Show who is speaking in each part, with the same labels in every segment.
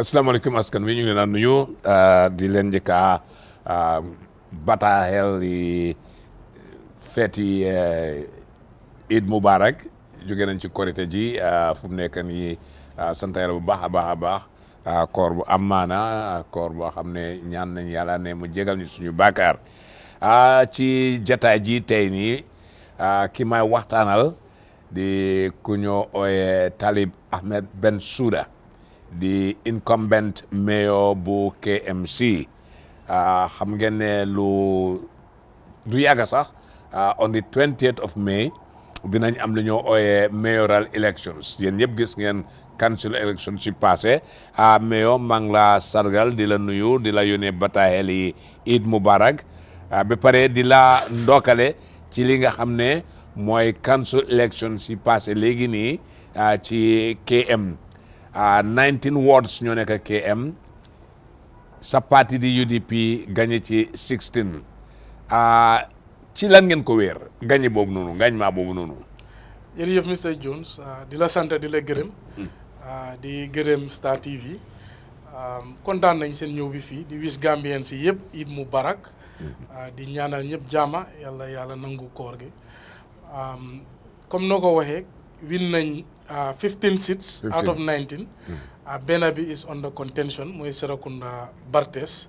Speaker 1: asalaamaaleykum askan wi ñu ngi leen a uh, di leen njëkk a uh, bataaxel di feeti uh, Eid Mubarak jóge nañ ci korite ji fu mu nekk nii sant yàlla bu baax a baax a baax koor bu am maana koor boo xam ne ñaan nañ yàlla ne mu jégal ñu suñu bàkkaar ci jataay ji tey nii ki may waxtaanal di ku ñoo ooyee Talib Ahmed Bensouda di incumbent mayor bu KMC ah, xam ngeen ne lu du yàgg sax ah, on the 20 of May dinañ am lu ñoo ooyee mayoral elections yéen ñëpp gis ngeen council election ci passé a ah, mayor maa la sargal di la nuyu di la yónnee bataaxel yi Eid Mubarak ba pare di la ndokkale ci li nga xam ne mooy council election ci passé léegi nii ci KM 19 wards ñoo nekk KM sa parti di UDP gagné ci 16 ci lan ngeen ko weer gagné boobu noonu ma boobu noonu.
Speaker 2: jërëjëf Mr Jones di la sant di la gërëm. Hmm. di gërëm Star TV. kontaan nañ seen ñëw bi fii di wis Gambien si yëpp it mu barak hmm. di ñaanal ñëpp jaama yàlla yàlla nangu koor gi comme noo ko waxee win nañ uh, 15 seats 15. out of 19 mm. Uh, bi is under contention mooy Serekunda Barthes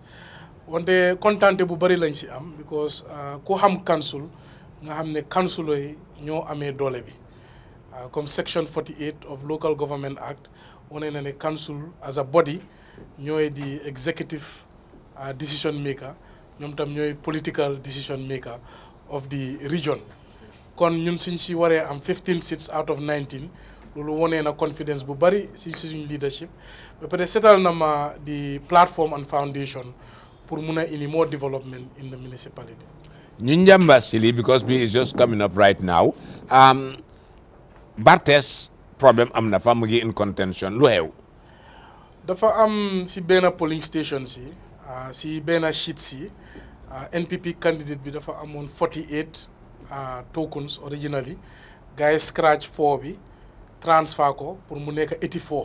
Speaker 2: wante kontante bu bëri lañ si am because uh, ku xam council nga xam ne councilo yi ñoo amee doole bi uh, comme section 48 of local government act wane na ne council as a body ñooy di executive decision maker ñoom tam ñooy political decision maker of the region kon ñun suñ si waree am 15 seats out of 19 loolu wonee na confidence bu bëri si suñu leadership ba pare seetal na ma di platform and foundation pour mun a indi more development in the
Speaker 1: municipality. ñu njàmbaas ci lii because we is just coming up right now um, Bartes problème am na fa mu ngi in contention lu xew.
Speaker 2: dafa am si benn polling station si ah, si benn sheet si ah, NPP candidate bi dafa amoon 48 ah, tokens originally gars yi scratch four bi. transfert ko pour mu nekk ETIFO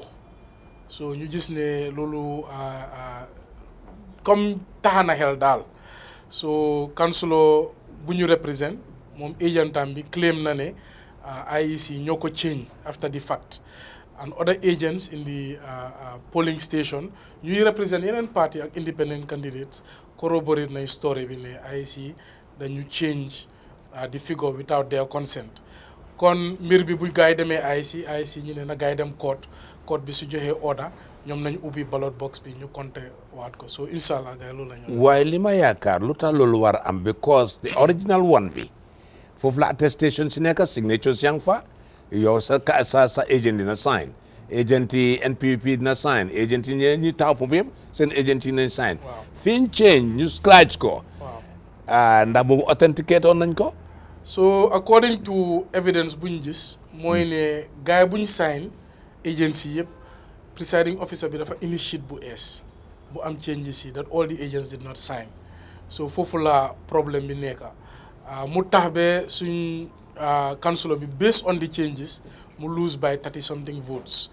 Speaker 2: so ñu gis ne loolu ah, ah, comme taxanaxel daal so councilor bu ñu represent moom agentam bi claim na ne ah, IEC ñoo ko change after the fact and other agents in the polling station ñuy represent yeneen party ak independent candidates corroborate na story bi ne IEC dañu change the figure without their consent kon mbir bi bu gars yi demee AIC AIC ñu ne na gaay dem court court bi su joxee order ñoom nañ ubbi ballot box bi ñu compter waat ko so incha allah gars
Speaker 1: waaye li ma yaakaar lu tax lu war a am because the original one bi foofu la attestation si nekk signature si yang fa yow sa sa sa agent dina sign agent yi NPP dina sign agent yi ñi taw yëpp seen agent yi nañ sign. waaw fi ñu change ñu scratch ko. Ah, ndax boobu authentiqué woon nañ ko. so according to evidence bu ñu gis
Speaker 2: mooy ne gars yi bu ñu sign agency yëpp presiding officer bi dafa initiate bu ees bu am changes yi that all the agents did not sign so foofu la problème bi nekka ah, mu tax be suñ ah, councilor bi based on the changes mu lose by thirty something votes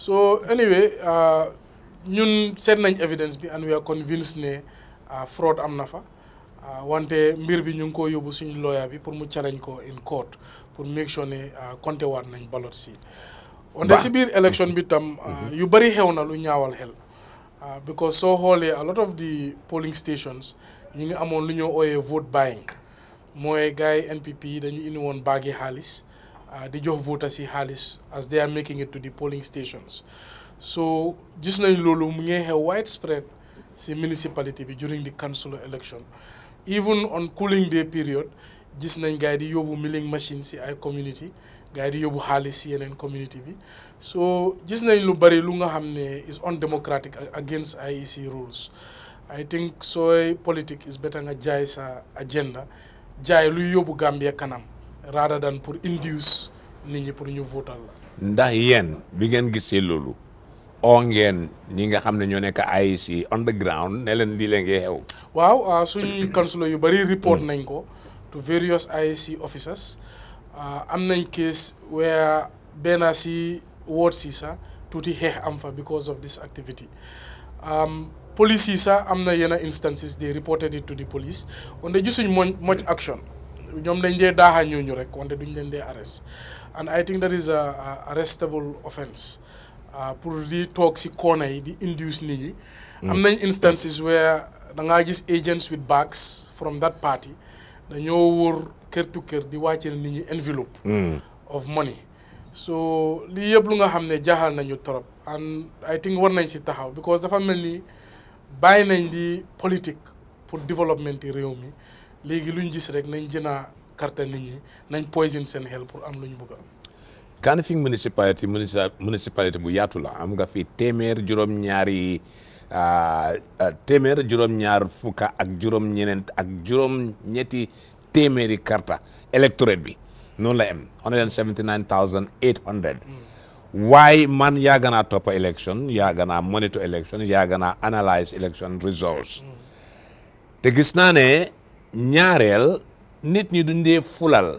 Speaker 2: so anyway ah, ñun seet nañ evidence bi and we are convinced ne fraud am na fa Ah, wante mbir bi ñu ngi ko yóbbu suñu lawyer bi pour mu challenge ko in court pour make sure ne ah, compté waat nañ ballot si wante si biir élection bi tam ah, mhm. yu bëri xew na lu ñaawal xel because soo xoolee a lot of the polling stations ñi ngi amoon lu ñoo ooyee vote buying mooy gars yi NPP yi dañu indi woon baagi xaalis di jox vote si xaalis as they are making it to the polling stations so gis nañ loolu mu ngi xew widespread si municipality bi during the council election even on cooling day period gis nañ gars di yóbbu milling machine si ay community gars di yóbbu xaalis si yeneen community bi so gis nañ lu bari lu nga xam ne is undemocratic against IEC rules I think sooy politique is better nga jaay sa agenda jaay luy yóbbu Gambia kanam rather than pour induce nit ñi pour ñu votal la.
Speaker 1: ndax yéen bi ngeen gisee loolu. oo ngeen ñi nga xam ne ñoo nekk AIC on the ground ne leen lii la ngay xew.
Speaker 2: waaw ah, suñu consulat mm. yu bëri report mm. nañ ko to various AIC officers ah, am nañ case where benn si ward si sax tuuti xeex am fa because of this activity police yi sax am na yenn instances they reported it to the police wante gisuñ mo much action ñoom dañ dee daaxa ñooñu rek wante duñ leen dee arrest and I think that is a arrestable offence Ah, pour di toog si koona yi di induce nit ñi. am nañ instances where da ngaa gis agents with bags from that party dañoo wóor kër to kër di wàcce nit ñi envelope. Hmm. of money. so lii yëpp lu nga xam ne jaaxal nañu trop and I think war nañ si taxaw because dafa mel ni bàyyi nañ di politique pour développement yi réew mi léegi luñ gis rek nañ jëna carte nit ñi nañ poison seen xel pour am lu ñu bëgg am.
Speaker 1: Kanifing municipality municipality bu yaatu la am nga fi téeméer juróom-ñaari ah, ah, téeméer juróom-ñaar fukka ak juróom-ñeneent ak ñetti téeméeri karta électorate bi noonu la am 179800. Hmm. waaye man yàgg naa topp election yàgg na monitor election yàgg naa analyse election results. Hmm. te gis naa ne ñaareel nit ñi duñ dee fulal.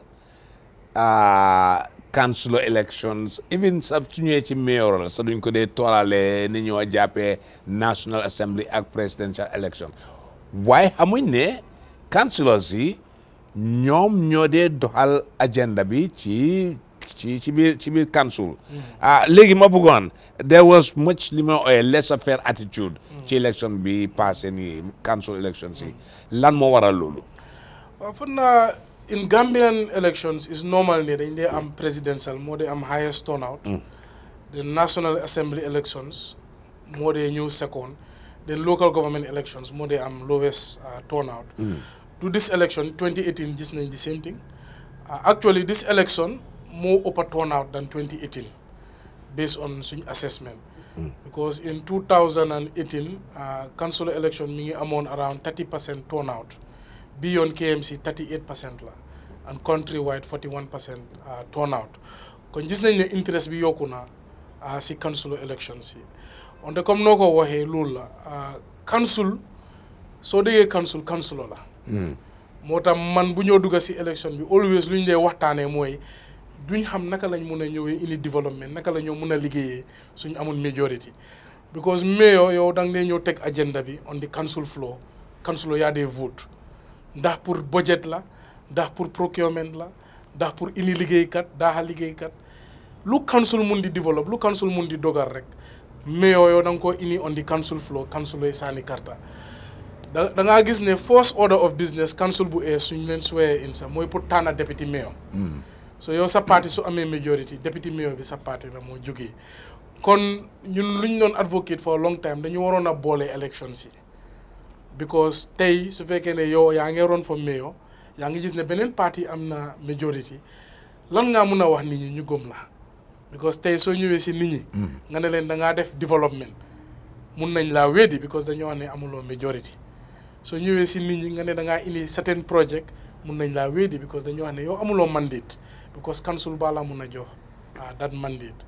Speaker 1: Ah, council elections even sa su ñëwee ci mayoral sax duñ ko dee toolalee ni a jàppee national assembly ak presidential election waaye xamuñ ne councilors si ñoom ñoo dee doxal agenda bi ci ci ci biir ci biir council mm-hmm. ah, léegi ma bëggoon there was much li ma ooyee laissez-faire attitude mm-hmm. ci election bi passé nii council elections yi lan moo waral loolu
Speaker 2: in Gambian elections is normal ne dañ dee am presidential moo dee am highest turnout. Mm. the national assembly elections moo dee ñëw second the local government elections moo dee am lowest uh, turnout. to mm. this election 2018 gis nañ the same thing uh, actually this election moo ëpp a turnout than 2018 based on suñ assessment. Mm. because in 2018 uh, election mi ngi amoon around 30 percent turnout. beyond KMC 38% la and countrywide 41% uh, turnout kon gis nañ ne interest bi yokku na uh, si council elections yi wante comme noo ko waxee loolu la ah, council soo déggee council councilor la hmm. moo tax man bu ñoo dugga si élection bi always lu ñu dee waxtaanee mooy duñ xam naka lañ mun a ñëwee indi développement naka la ñoo mun a liggéeyee suñ amul majority because mayor yow danga nga ñëw teg agenda bi on the council floor councilor yaa dee vote ndax pour budget la ndax pour procurement la ndax pour ini liggéeykat daaxa liggéeykat lu council mun di develop lu council mun di dogal rek mayor yoo da nga koo ini on the council floor council lay sànni karta da da ngaa gis ne first order of business council bu suñ leen swear in sax mooy pour tànn deputy mayor hmm. so yow sa parti su amee majority deputy mayor bi sa parti la moo jógee kon ñun ñu doon advocate for a long time dañu waroon a boole élections yi because tey su fekkee ne yow yaa ngi ron for mayor yaa ngi gis ne beneen parti am na majority lan ngaa mun a wax nit ñi ñu gëm la because tey soo ñëwee si nit ñi. Mm. nga ne leen da ngaa def développement. mun nañ laa weddi because dañoo wax ne amuloo majority soo ñëwee si nit ñi nga ne da indi certain project mun nañ laa weddi because dañoo wax ne yow amuloo mandate because council baa la mun a jox ah that mandate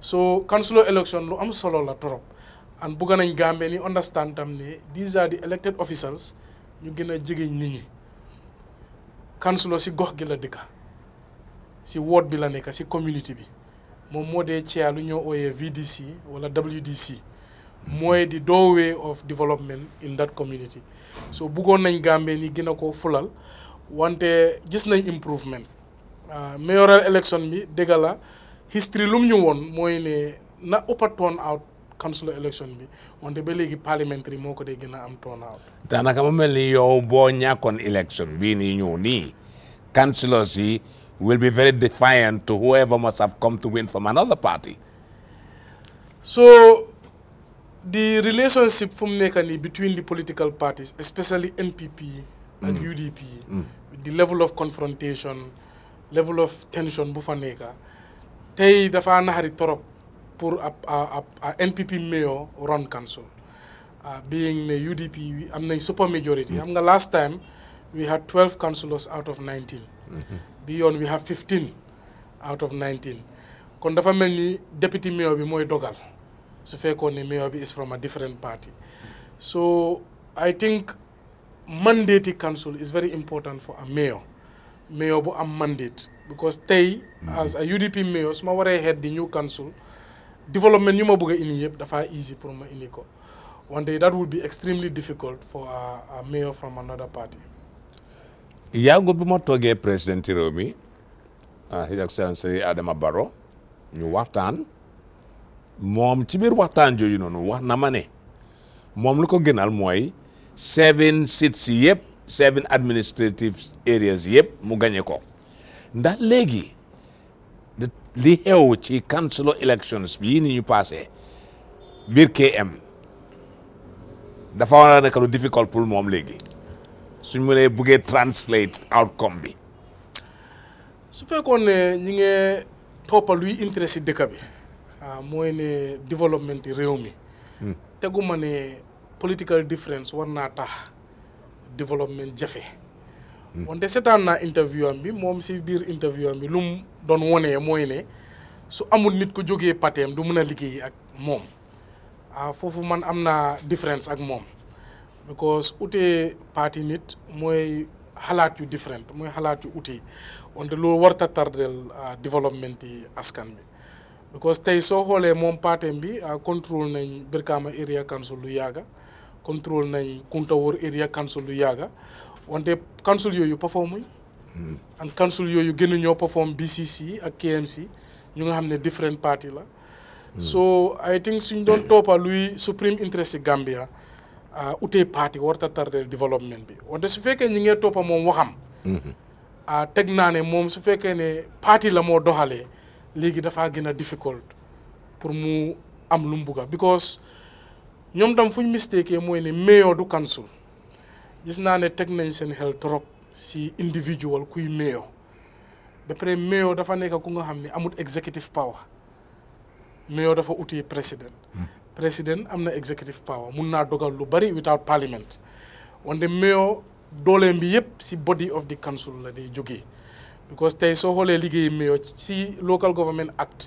Speaker 2: so councilor election lu am solo la trop. and bugga nañ Gambia ni understand tam ne these are the elected officials ñu gën a jege nit ñi councilor si gox gi la dëkka si ward bi la nekk si community bi moom moo dee chair lu ñoo ooyee VDC wala WDC mooy di doorway of development in that community so buggoon nañ Gambie ni gën a ko fulal wante gis nañ improvement ah, mayoral election bi dëgga la history lum ñu woon mooy ne na uppa turn out councilor election bi wante ba léegi parliamentary moo ko dee gën a am turnout.
Speaker 1: daanaka mu mel ni yow boo ñàkkoon election bii nii ñëw nii councilors yi will be very defiant to whoever must have come to win from another party. so the
Speaker 2: relationship fu mu between the political parties especially NPP. ak mm. UDP. Mm. the level of confrontation level of tension bu fa nekk tey dafa naxari torop. pour a, a, a, a NPP mayor run council. Uh, being the UDP, I'm the super am I'm mm the -hmm. last time we had 12 councillors out of 19. Mm -hmm. we have 15 out of 19. kon dafa mel ni deputy mayor bi mooy dogal su fekkoon ne mayor bi is from a different party so I think mandate council is very important for a mayor mayor bu am mandate because tey mm-hmm. as a UDP mayor su ma waree head di new council development ñu ma bëgg a indi yëpp dafa easy pour ma indi ko wante that would be extremely difficult for a, a mayor from another party.
Speaker 1: yàggul bu ma toogee président réew mi ah, His Excellency Adama Barrow ñu waxtaan moom ci biir waxtaan jooju noonu wax na ma ne moom lu ko gënal mooy seven seats yëpp seven administrative areas yëpp mu gañe ko ndax léegi li xew ci council elections bi yii ni ñu passé biir KM dafa war a nekk lu difficult pour moom léegi suñ mënee buggee translate outcome bi.
Speaker 2: su fekkoon ne ñi ngi toppal luy intérêt dëkk bi ah, mooy ne développement réew mi. Hmm. teguma ne political difference war naa tax développement jafe. Mm. wante seetaan naa interview am bi moom si biir interview bi lu mu doon wonee mooy ne su amul nit ku jógee pateem du mën a liggéey ak moom ah foofu man am naa différence ak moom because utee pati nit mooy xalaat yu différent mooy xalaat yu utee wante loolu warta tardel ah, développement yi askan bi because tey soo xoolee moom parteem bi ah, contrôle nañ Brikama area council lu yàgga contrôle nañ Kuntaur area council lu yàgga wante council yooyu performul an council yooyu gën a ñoo perform BCC ak KMC ñu nga xam ne different party la so I think suñ doon toppa luy supreme interest si Gambia ah, utee parti warta tardel développement bi wante su fekkee ñu ngee toppa moom waxam ah, teg naa ne moom su fekkee ne parti la moo doxalee léegi dafaa gën a difficult pour mu am lu mu bugga because ñoom tam fu ñu mistake mooy ne mayor du council gis naa ne teg nañ seen xel trop si individual kuy mayor ba pare mayor dafa nekk ku nga xam ni amul executive power mayor dafa uti président hmm. président am na executive power mun naa dogal lu bari without parliament wante mayor dooleem bi yëpp si body of the council la day jógee because tey soo xoolee liggéey mayor si local government act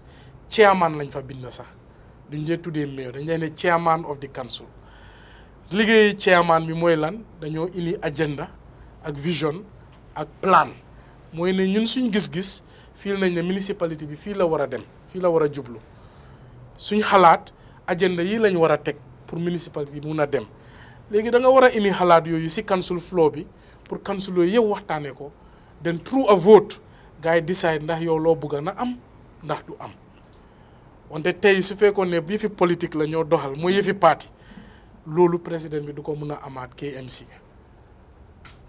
Speaker 2: chairman lañ fa bind sax duñ dee tuddee mayor dañ dee ne chairman of the council liggéey chairman bi mooy lan dañoo indi agenda ak vision ak plan mooy ne ñun suñ gis-gis fii nañ ne municipalité bi fii la war a dem fii la war a jublu suñ xalaat agenda yi lañ war a teg pour municipalité bi mun a dem léegi da nga war a indi xalaat yooyu si council floor bi pour council yooyu yëpp waxtaanee ko then through a vote gars yi decide ndax yow loo bëgg na am ndax du am wante tey su fekkoon ne yëfi politique la ñoo doxal mooy yëfi parti loolu président bi du ko mun a amaat KMC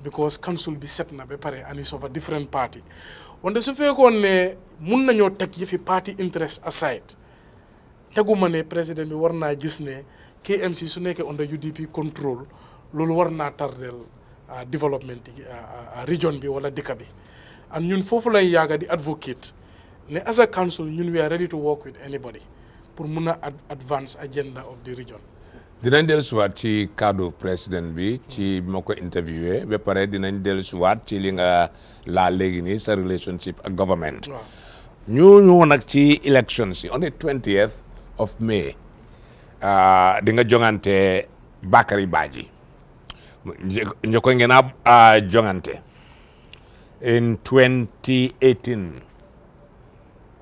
Speaker 2: because council bi set na ba pare and it's of a different party wante su fekkoon ne mun nañoo teg yëfi party interest aside teguma ne président bi war naa gis ne KMC su nekkee under UDP control loolu war naa tardeel ah, développement ah, ah, region bi wala dëkk bi and ñun foofu lañ yàgga di advocate ne as a council ñun we are ready to work with anybody pour mun a advance agenda of the region
Speaker 1: dinañ dellusiwaat ci cadre président bi ci bi ma ko interviewé ba pare dinañ dellusiwaat ci li nga laa léegi nii sa relationship ak government. ñu ñëw nag ci élection si on the 20th of May. Ah, di nga jongante Bakary Badji njëkkoon ngeen a jongante in 2018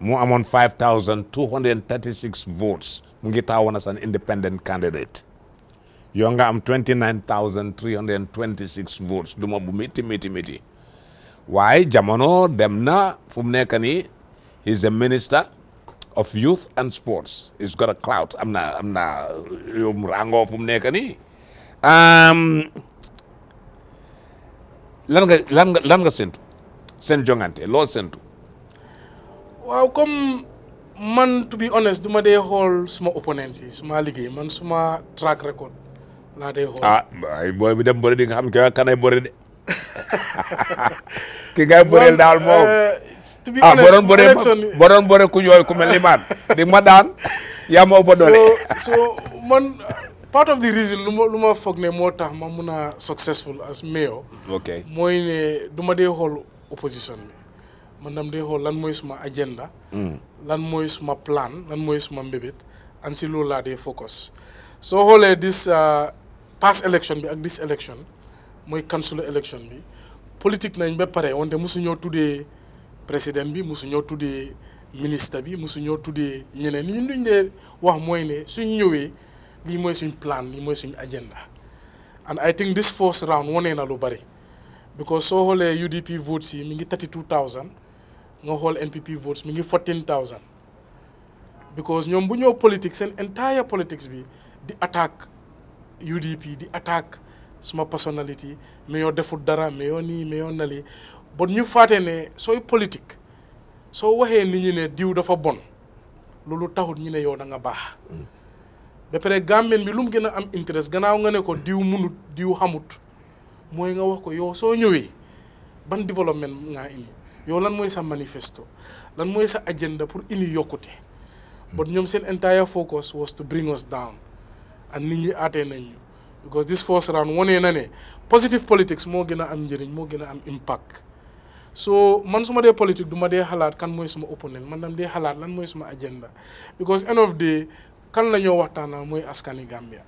Speaker 1: mu amoon 5236 votes Mungita won as an independent candidate. Yonga am 29,326 votes. Duma bu miti miti miti. Why? Jamono demna fumnekani. He's a minister of youth and sports. He's got a clout. I'm not, I'm not, uh, um, rango fumnekani. Um, lan nga lan nga lan nga séntu seen jongante loo séntu
Speaker 2: man to be honest du ma dee xool suma opponents si suma liggéey man suma track record laa dee xool. ah
Speaker 1: ay booy bi di nga xam ki nga kanay bëri de. ki ngay daal moom. Uh, to be ah, ku yooyu ku mel ni maan di ma daan yaa ma ëpp doole.
Speaker 2: man part of the reason lu ma lu ma foog ne moo tax ma mun a successful as mayor. mooy ne du ma dee xool opposition bi man dam dee xool lan mooy suma agenda. Hmm. lan mooy suma plan lan mooy suma mbébét an si loolu laa dee focus soo xoolee dis uh, past election bi ak dis election mooy council election bi politique nañ ba pare wante mosu ñoo tuddee président bi mosu ñoo tuddee ministre bi mosu ñoo tuddee ñeneen ñun luñ dee wax mooy ne suñ ñëwee lii mooy suñ plan lii mooy suñ agenda and I think this first round wanee na lu bari because soo xoolee UDP votes yi mi ngi 32 000 nga xool NPP votes mi ngi 14000 because ñoom bu ñëw politique seen entire politics bi di attaque UDP di attaque suma personnalité mais yoo deful dara ma yoo nii mais yoo nali bon ñu faatee ne sooy politique soo waxee nit ñi ne diw dafa bon loolu taxut ñi ne yow da nga baax ba pare bi lu mu gën a am intérêt gannaaw nga ne ko diw munut diw xamut mooy nga wax ko yow soo ñëwee ban développement ngaa indi yow lan mooy sa manifesto lan mooy sa agenda pour indi yokkute. but ñoom seen entire focus was to bring us down and ni ñi aatee nañ ñu because this first round wanee na ne positive politics moo gën a am njëriñ moo gën a am impact. so man su ma dee politique du ma dee xalaat kan mooy suma opponent man dam dee xalaat lan mooy suma agenda because end of day kan la ñoo waxtaanal mooy askani Gambia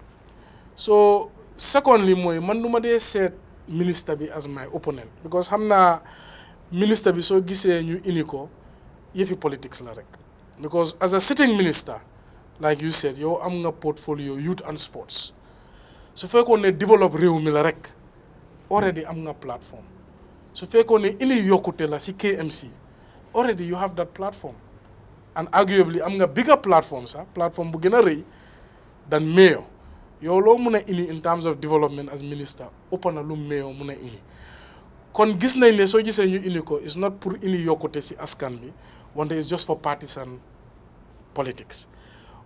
Speaker 2: so secondly mooy man du ma dee seet ministre bi as my opponent ministre bi soo gisee ñu indi ko yëfi politics la rek because as a sitting minister like you said yow am nga portfolio youth and sports su fekkoon ne develop réew mi la rek already am nga platform su fekkoon ne indi yokkute la si KMC already you have that platform and arguably am nga bigger platform sax platform bu gën a rëy than mayor yow loo mun a indi in terms of development as minister ëpp na lu mayor mun a indi kon gis nañ ne soo gisee ñu indi ko is not pour indi yokkute si askan bi wante is just for partisan politics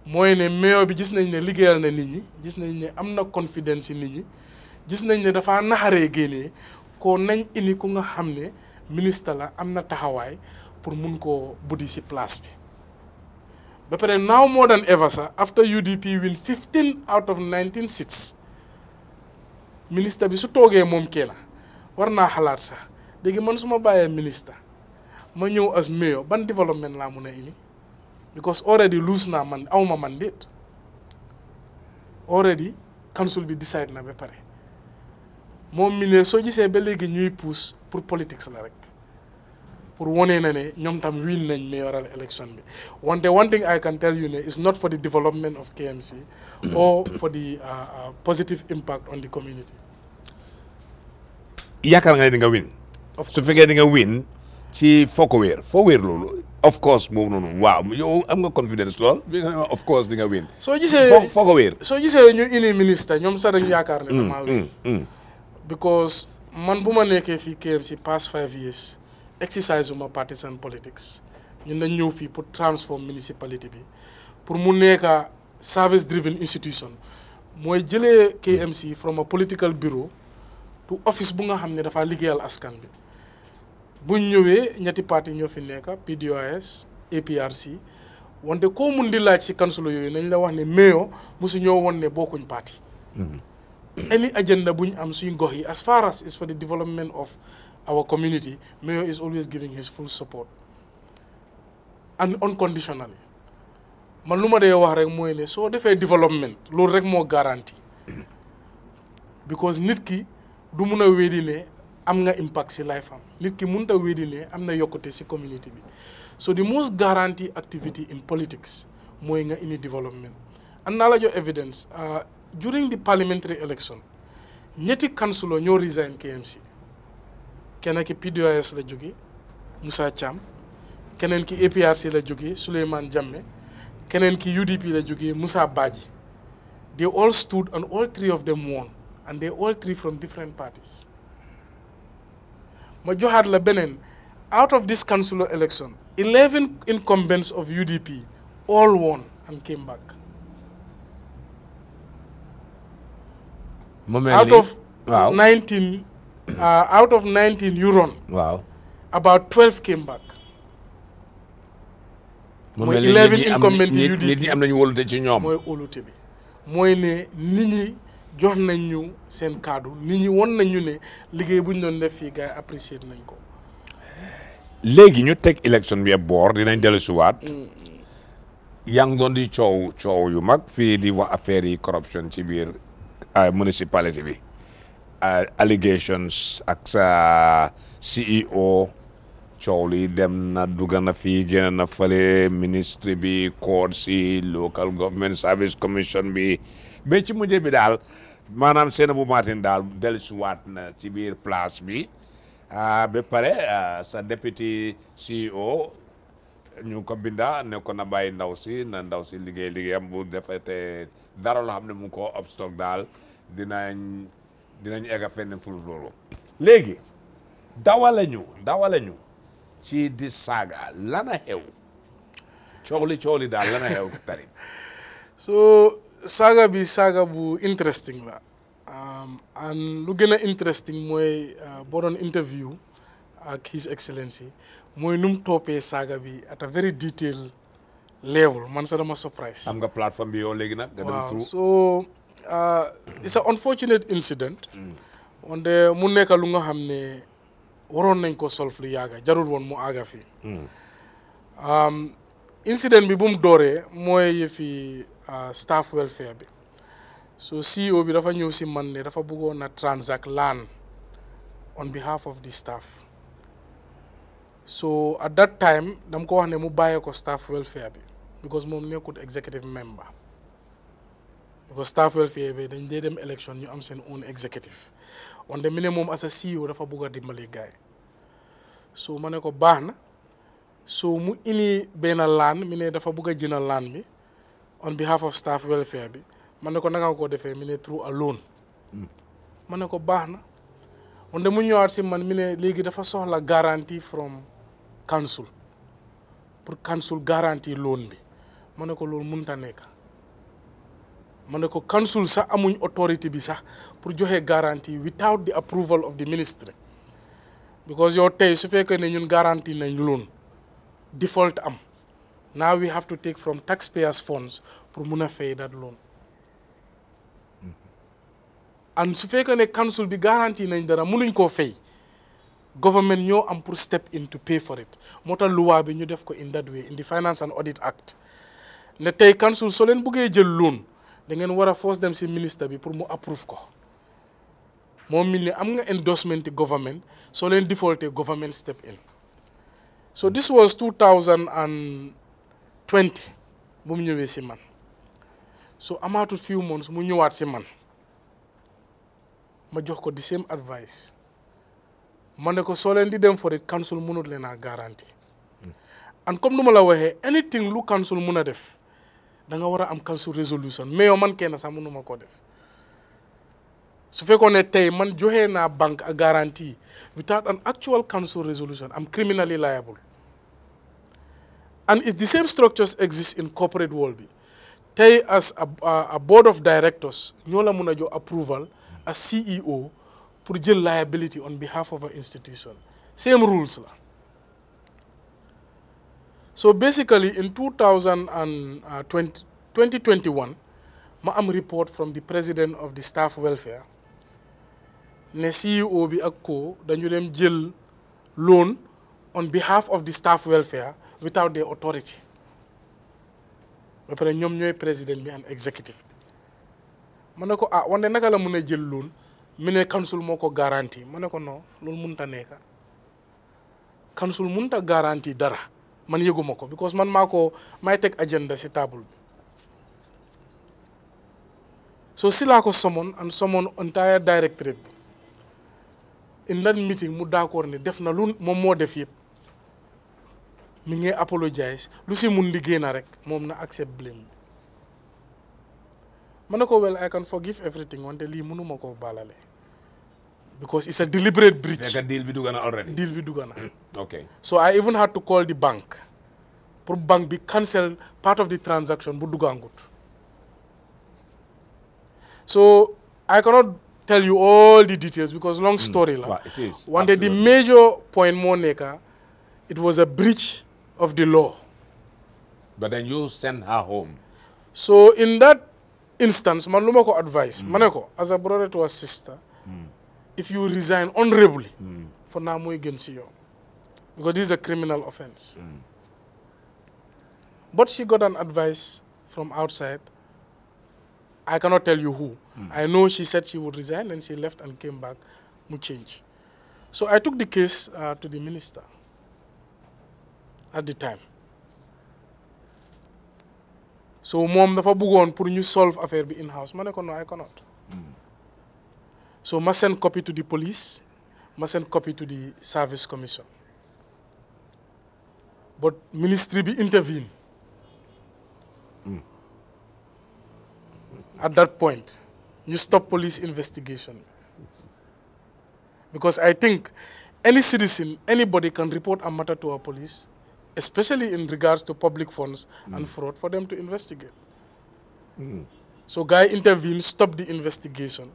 Speaker 2: mooy ne mayor bi gis nañ ne liggéeyal na nit ñi gis nañ ne am na confidence si nit ñi gis nañ ne dafa naxaree génnee ko nañ indi ku nga xam ne ministre la am na taxawaay pour mun koo buddi si place bi ba pare now more than ever sax after UDP win 15 out of 19 seats ministre bi su toogee moom kee na war naa xalaat sax léegi man suma bàyyee ministre ma ñëw as mayor ban développement laa mun a indi because already luus naa man awma man déet already council bi decide na ba pare moom mi soo gisee ba léegi ñuy pousse pour politique la rek pour wane na ne ñoom tam wiil nañ mayoral election bi wante one thing I can tell you ne is not for the development of KMC or for the uh, uh, positive impact on the community
Speaker 1: yaakaar nga ne di nga win. su fekkee di nga win ci foo ko wéer foo wéer loolu. of course moom noonu waaw yow am nga confidence lool bi nga of nga win. soo gisee foo ko wéer.
Speaker 2: soo gisee ñu indi ministre ñoom sax dañu yaakaar ne. damaa mm, win mm, mm. because man bu ma nekkee fii KMC past five years exercise uma partisan politics ñun dañ ñëw fii pour transform municipality bi pour mu nekk service driven institution mooy jëlee KMC from a political bureau. du office bu nga xam ne dafa liggéeyal askan bi buñ ñëwee ñetti parti ñoo fi nekk PDOIS APRC wante koo mun di laaj si kansula yooyu nañ la wax ne mayo mosu ñoo woon ne bokkuñ parti mhm. any agenda buñ am suñ gox yi as far as is for the development of our community mayo is always giving his full support and unconditionally man lu ma dee wax rek mooy ne soo defee development loolu rek moo garanti mhm. because nit ki du mun a wéedi am nga impact si life am nit ki mënut a wéedi ne am na yokkute si community bi so the most guarantee activity in politics mooy nga indi development an naa la jox evidence uh, during the parliamentary election ñetti councilor ñoo resign KMC kenn ki PDOIS la jóge Moussa Thiam keneen ki APRC la jóge Souleymane Jammeh keneen ki UDP la jóge Moussa Badji they all stood and all three of them won and they all three from different parties ma joxaat la beneen out of this councillor election eleven incumbents of UDP all won and came back.
Speaker 1: mu uh, mel ni out of. waaw mooy ni ñi am nañu wóolute ci ñoom. mooy
Speaker 2: wóolute bi mooy ne ñi. jox nañ ñu seen kàddu li ñi won nañu ne liggéey buñ doon def fii gars yi apprécier nañ ko.
Speaker 1: léegi ñu teg élection bi ab boor dinañ dellu si waat. Mm. yaa doon di coow coow yu mag fii di wax affaire yi corruption ci biir ah, municipalité bi. Ah, allegations ak sa CEO coow li dem na dugg na fii génn na fële ministre bi code si local government service commission bi ba ci mujj bi daal. maanaam Sainabou Martine daal dellusiwaat na ci biir place bi ah, ba pare ah, sa député CEO ñu ko binda ne ko na bàyyi ndaw si na ndaw si liggéey liggéey bu defete dara loo xam ne mu ko obstock daal dinañ dinañ egg fenn ful loolu léegi dawale ñu dawale ñu si di saaga lana xew cooli cooli daal lana xew tari so saaga bi saaga bu
Speaker 2: interesting la um, and lu gën a interesting mooy uh, boo doon interview ak his excellency mooy nu mu toppee saaga bi at a very detail level man sa dama surprise. am nga
Speaker 1: plateforme léegi nag. nga dem trop so
Speaker 2: uh, it's an unfortunate incident. Mm. wante mu nekk lu nga xam ne waroon nañ ko solve lu yàgga jarul woon mu àgga fii. Mm. Um, incident bi bu mu dooree mooy yëfi staff welfare bi so CEO bi dafa ñëw si man ne dafa bëggoon a transact land on behalf of the staff so at that time dama ko wax ne mu bàyyee ko staff welfare bi because moom nekkul executive member because staff welfare bi dañ dee dem élection ñu am seen own executive wante mi ne moom as a CEO dafa bëgg a dimbali gaay so ma ne ko baax na so mu ini benn laan mi ne dafa bëgg a jënd laan bi on behalf of staff welfare bi man ne ko naka nga koo defee mu ne through a loan ma ne ko baax na wante mu at si man mi ne léegi dafa soxla garantie from council pour council garantie loan bi ma ne ko loolu ta nekk ma ne ko council sax amuñ autorité bi sax pour joxe garantie without the approval of the ministry because yow tey su fekkee ne ñun garantie nañ loan default am Now we have to take from taxpayers' funds pour mun a fay that loan. and su fekkee ne council bi garantie nañ dara munuñ koo fay government ñoo am pour step in to pay for it moo tax luwaa bi ñu def ko in that way in the finance and audit act ne tey council soo leen buggee jël loon da ngeen war a force dem si ministre bi pour mu approve ko moom mi ni am nga endorsement government soo leen defaulté government step in so this was 20 bu mu ñëwee si man so amaatul few months mu ñëwaat si man ma jox ko the same advice ma ne ko soo leen di dem for it council mënut leen a garanti hmm. and comme nu ma la waxee anything lu council mun a def da nga war a am council resolution mais yow man kenn sax mënuma koo def su fekkoon ne tey man joxee naa banque a garantie without an actual council resolution am criminally liable and it's the same structures exist in corporate world bi tey as a, a board of directors ñoo la mun a jox approval as CEO pour jël liability on behalf of an institution same rules la so basically in 2020 2021 ma am report from the president of the staff welfare ne CEO bi ak ko dañu dem jël loan on behalf of the staff welfare without the authority ba pare ñoom ñooy président bi and executive bi ma ne ko ah wante naka la mun a jël loon mu ne council moo ko garantie ma ne ko non loolu munta nekka council munta garantie dara man yëguma ko because man maa ko may teg agenda si table bi so si laa ko somoon and somoon entire directorate bi in lan meeting mu d'accord ne def na lu moom moo def yëpp mi ngi apologize lu si mun liggéey na rek moom na accept blame ma ne ko well I can forgive everything wante lii mënuma koo baalale because it's a deliberate breach. deal bi dugg na mm, so I even had to call the bank pour banque bi cancel part of the transaction bu duggaangut so I cannot tell you all the details because long mm. story la. wante the major point moo nekk it was a breach. of the law.
Speaker 1: But then you send her home.
Speaker 2: in that instance, man lu ko advice. Mm. ma as a brother to a sister. Mm. if you resign honorably. Mm. for naa mooy gën si because this is a criminal offense. but she got an advice from outside. I cannot tell you who. I know she said she would resign and she left and came back mu change. So I took the case uh, to the minister. at the time so moom dafa bëggoon pour ñu solve affaire bi in house ma ne ko non I cannot so ma send copy to the police ma send copy to the service commission but ministry bi intervene at that point ñu stop police investigation because I think any citizen anybody can report a matter to our police especially in regards to public funds mm. and hmm. fraud for them to investigate. Hmm. So guy intervene, stop the investigation.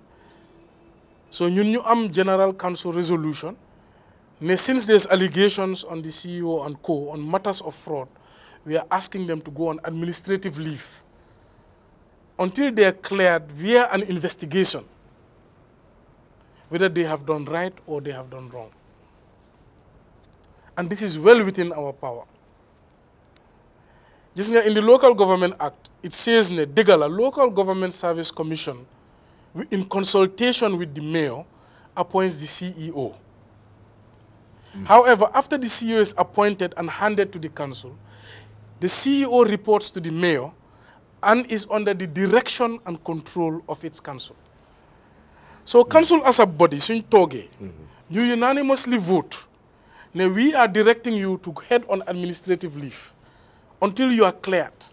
Speaker 2: So ñun ñu am general council resolution ne since there's allegations on the CEO and co on matters of fraud we are asking them to go on administrative leave until they are cleared via an investigation whether they have done right or they have done wrong. and this is well within our power nga in the local government act it says ne dëgga la local government service commission in consultation with the mayor appoints the CEO mm. however after the CEO is appointed and handed to the council the CEO reports to the mayor and is under the direction and control of its council so hmm. council as a body suñ toogee hmm. unanimously vote ne we are directing you to head on administrative leave until you are cleared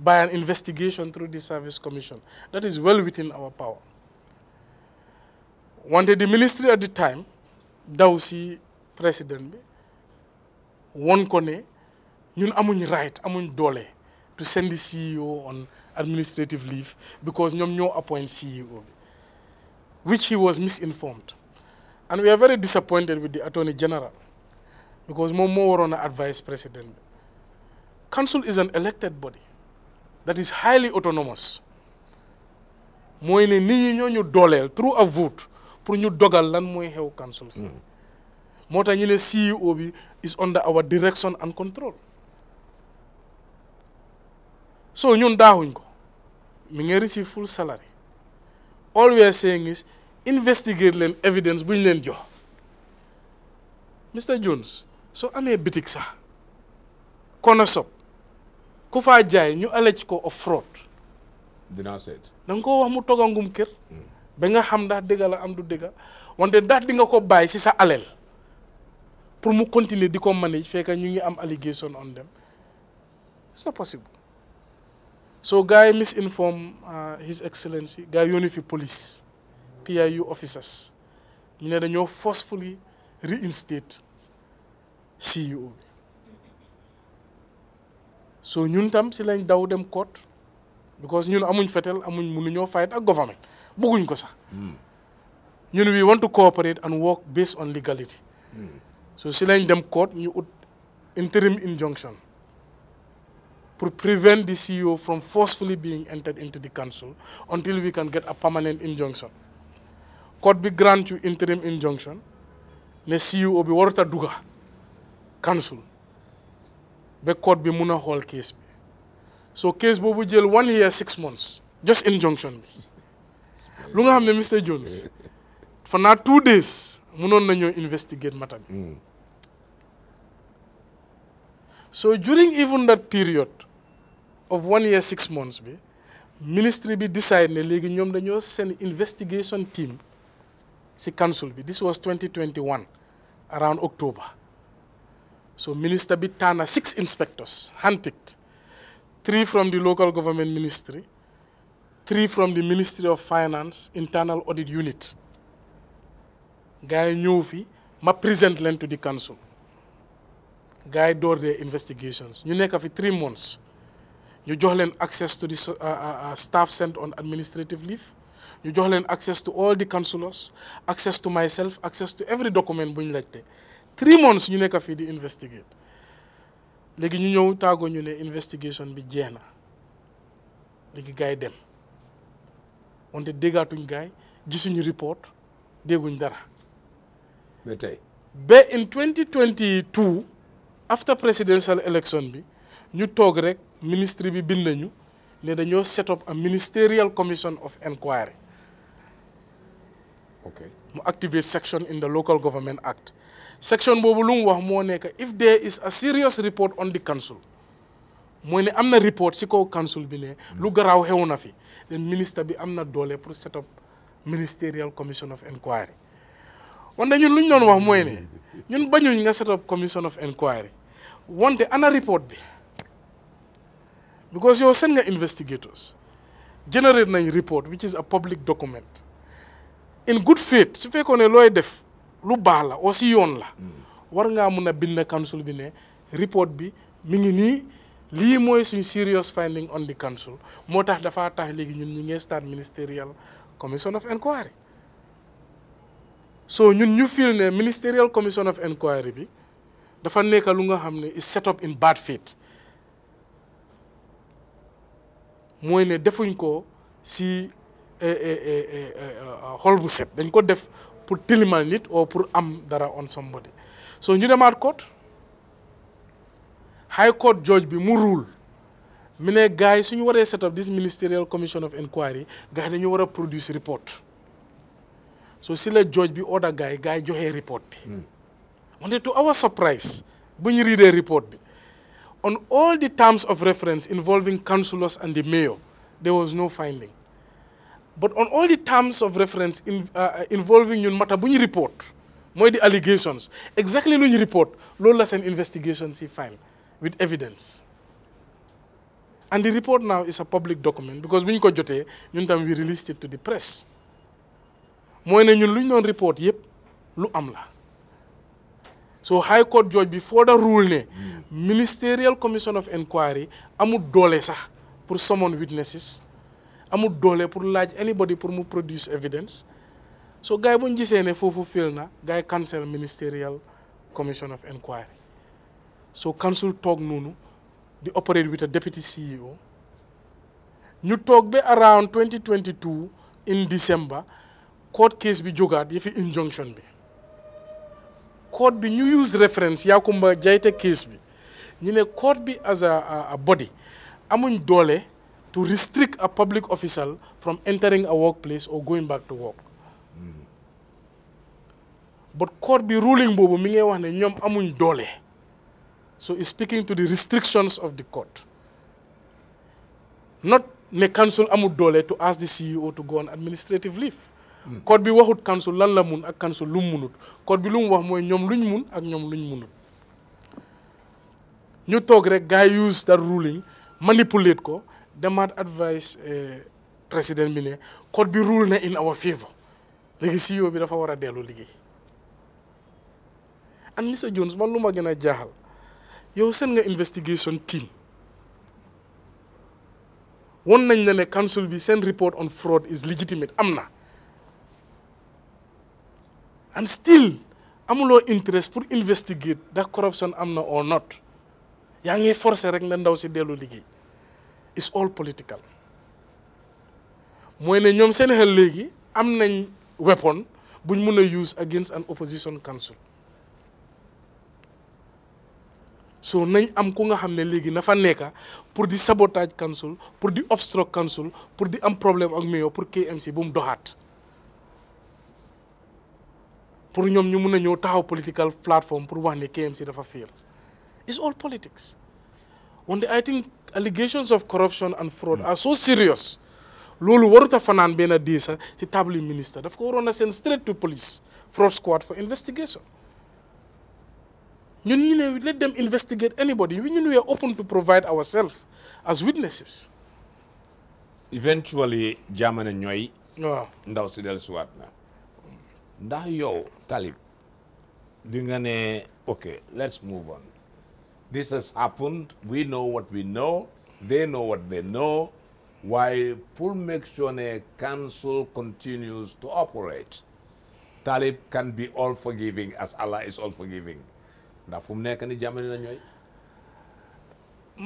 Speaker 2: by an investigation through the Service Commission. That is well within our power. wante di ministry at the time daw si président bi won ko ne ñun amuñ right amuñ doole to send the CEO on administrative leave because ñoom ñoo appoint CEO bi which he was misinformed and we are very disappointed with the attorney general because moom moo waroon a advice président bi council is an elected body that is highly autonomous mooy ne nit ñi ñoo ñu dooleel through a vote pour ñu dogal lan mooy xew council fi hmm. moo tax ñu ne CEO bi is under our direction and control so ñun daaxuñ ko mi ngi receive full salary all we are saying is investigate leen evidence bu ñu leen jox Mr. Jones soo amee bitig sax kon a sob ku faa jaay ñu alaj ko of fraud dinaa da nga koo wax mu togangum kër ba nga xam ndax dëgga la am du dëgga wante ndax di nga ko bàyyi si sa alal pour mu continuer di ko manage fekk ñu ngi am allegation on them it's not possible so gars yi misinform uh, his excellency gars yoonu fi police PIU officers ñu ne dañoo forcefully reinstate CEO bi so ñun tam si lañ daw dem court because ñun amuñ feteel amuñ mënuñoo fight ak government bëgguñ ko sax ñun we want to cooperate and work based on legality so si lañ dem court ñu ut interim injunction pour prevent the CEO from forcefully being entered into the council until we can get a permanent injunction court bi grant you interim injunction ne CEO bi warut a dugga council ba court bi mun a xool case bi so case boobu jël one year six months just injunction bi lu nga xam ne Mr Jones fanaa two days munoon nañoo investigate matter bi hmm. so during even that period of one year six months bi ministry bi decide ne léegi ñoom dañoo seen investigation team si council bi this was 2021 around October So Minister Bitana, six inspectors, handpicked. Three from the local government ministry, three from the Ministry of Finance, Internal Audit Unit. Guy Nyofi, ma present them to the council. yi door their investigations. You neck for three months. You join them access to the uh, uh, uh, staff sent on administrative leave. You join them access to all the councillors, access to myself, access to every document when like that. three months ñu nekk fii di investigate léegi ñu ñëw tàggoo ñu ne investigation bi jeex na léegi gars yi dem wante déggaatuñu gars yi gisuñu report dégguñ dara. mais tey. ba in 2022 after presidential election bi ñu toog rek ministre bi bind nañu ne dañoo set up a ministerial commission of inquiry. ok mu activate section in the local government act. section boobu lu mu wax moo nekk if there is a serious report on the council mooy ne am na report si kaw council bi ne lu garaaw xew na fi then ministre bi am na doole pour set up ministerial commission of inquiry wante ñun lu ñu doon wax mooy ne ñun bañuñ nga set up commission of inquiry wante ana report bi because yow seen nga investigators generate nañ report which is a public document in good faith su fekkoon ne looy def lu baax la aussi yoon la war ngaa mun a bind council bi ne report bi mi ngi nii lii mooy suñ serious finding on the council moo tax dafa tax léegi ñun ñi ngee start ministerial commission of inquiry so ñun ñu fiil ne ministerial commission of inquiry bi dafa nekk lu nga xam ne is set up in bad faith mooy ne defuñ ko si xol eh, eh, eh, bu set dañ ko def pour tilimal nit ou pour am dara on somebody so ñu demaat court high court judge bi mu rule mi ne gars yi suñu waree set up this ministerial commission of inquiry gars yi dañu war a produce report so si la judge bi order gars yi gars yi joxee report bi wante hmm. to our surprise bu ñu riidee report bi on all the terms of reference involving councillors and the mayor there was no finding but on all the terms of reference in, uh, uh involving ñun mata bu ñu report mooy di allegations exactly lu ñu loolu la seen investigation si file with evidence and the report now is a public document because bu ñu ko jotee ñun tam we released it to the mooy ne ñun lu ñu doon report yëpp lu am la so high court judge bi foo da rule ne hmm. ministerial commission of inquiry amul doole sax pour summon witnesses amul doole pour laaj anybody pour mu produce evidence so gars yi bu ne foofu fail na gars yi cancel ministerial commission of inquiry so council toog noonu di operate with a deputy CEO ñu toog ba around 2022 in December court case bi jogaat yi fi injunction bi court bi ñu use reference Yakumba Jaiteh case bi ñu ne court bi as a a body amuñ doole. to restrict a public official from entering a workplace or going back to work but court bi ruling boobu mi ngay wax ne ñoom amuñ doole so it's speaking to the restrictions of the court not ne council amul doole to ask the CEO to go on administrative leave hmm. court bi waxut council lan la mun ak council lu mu munut court bi lu mu wax mooy ñoom luñ mun ak ñoom luñ munut ñu toog rek gars use that ruling manipulate ko demaat advice eh, président bi ne code bi rule na in our favour léegi CEO bi dafa war a dellu liggéey and Mr Jones man lu ma gën a jaaxal yow seen nga investigation team won nañ la ne council bi seen report on fraud is legitimate am na and still amuloo interest pour investigate ndax corruption am na or not yaa ngi forcé rek na ndaw si dellu liggéey is all political mooy ne ñoom seen xel léegi am nañ weapon buñ mun a use against an opposition council so nañ am ku nga xam ne léegi na fa nekka pour di sabotage council pour di obstruct council pour di am problème ak mayor pour KMC bu mu doxaat pour ñoom ñu mun a ñëw taxaw political platform pour wax ne KMC dafa fiir it's all politics wante I think allegations of corruption and fraud hmm. are so serious loolu warut a fanaan benn sa ci table ministre daf ko waroon a send straight to police fraud squad for investigation ñun ñu ne let them investigate anybody we ñun we are open to provide ourselves as
Speaker 1: witnesses eventually jamono ñooy waaw ndaw si del suwaat ndax yow Talib di nga ne ok let's move on this has happened. We know what we know. They know what they know. While pour make sure the council continues to operate, Talib can be all forgiving as Allah is all forgiving. ndax fu mu nekk ni jamono la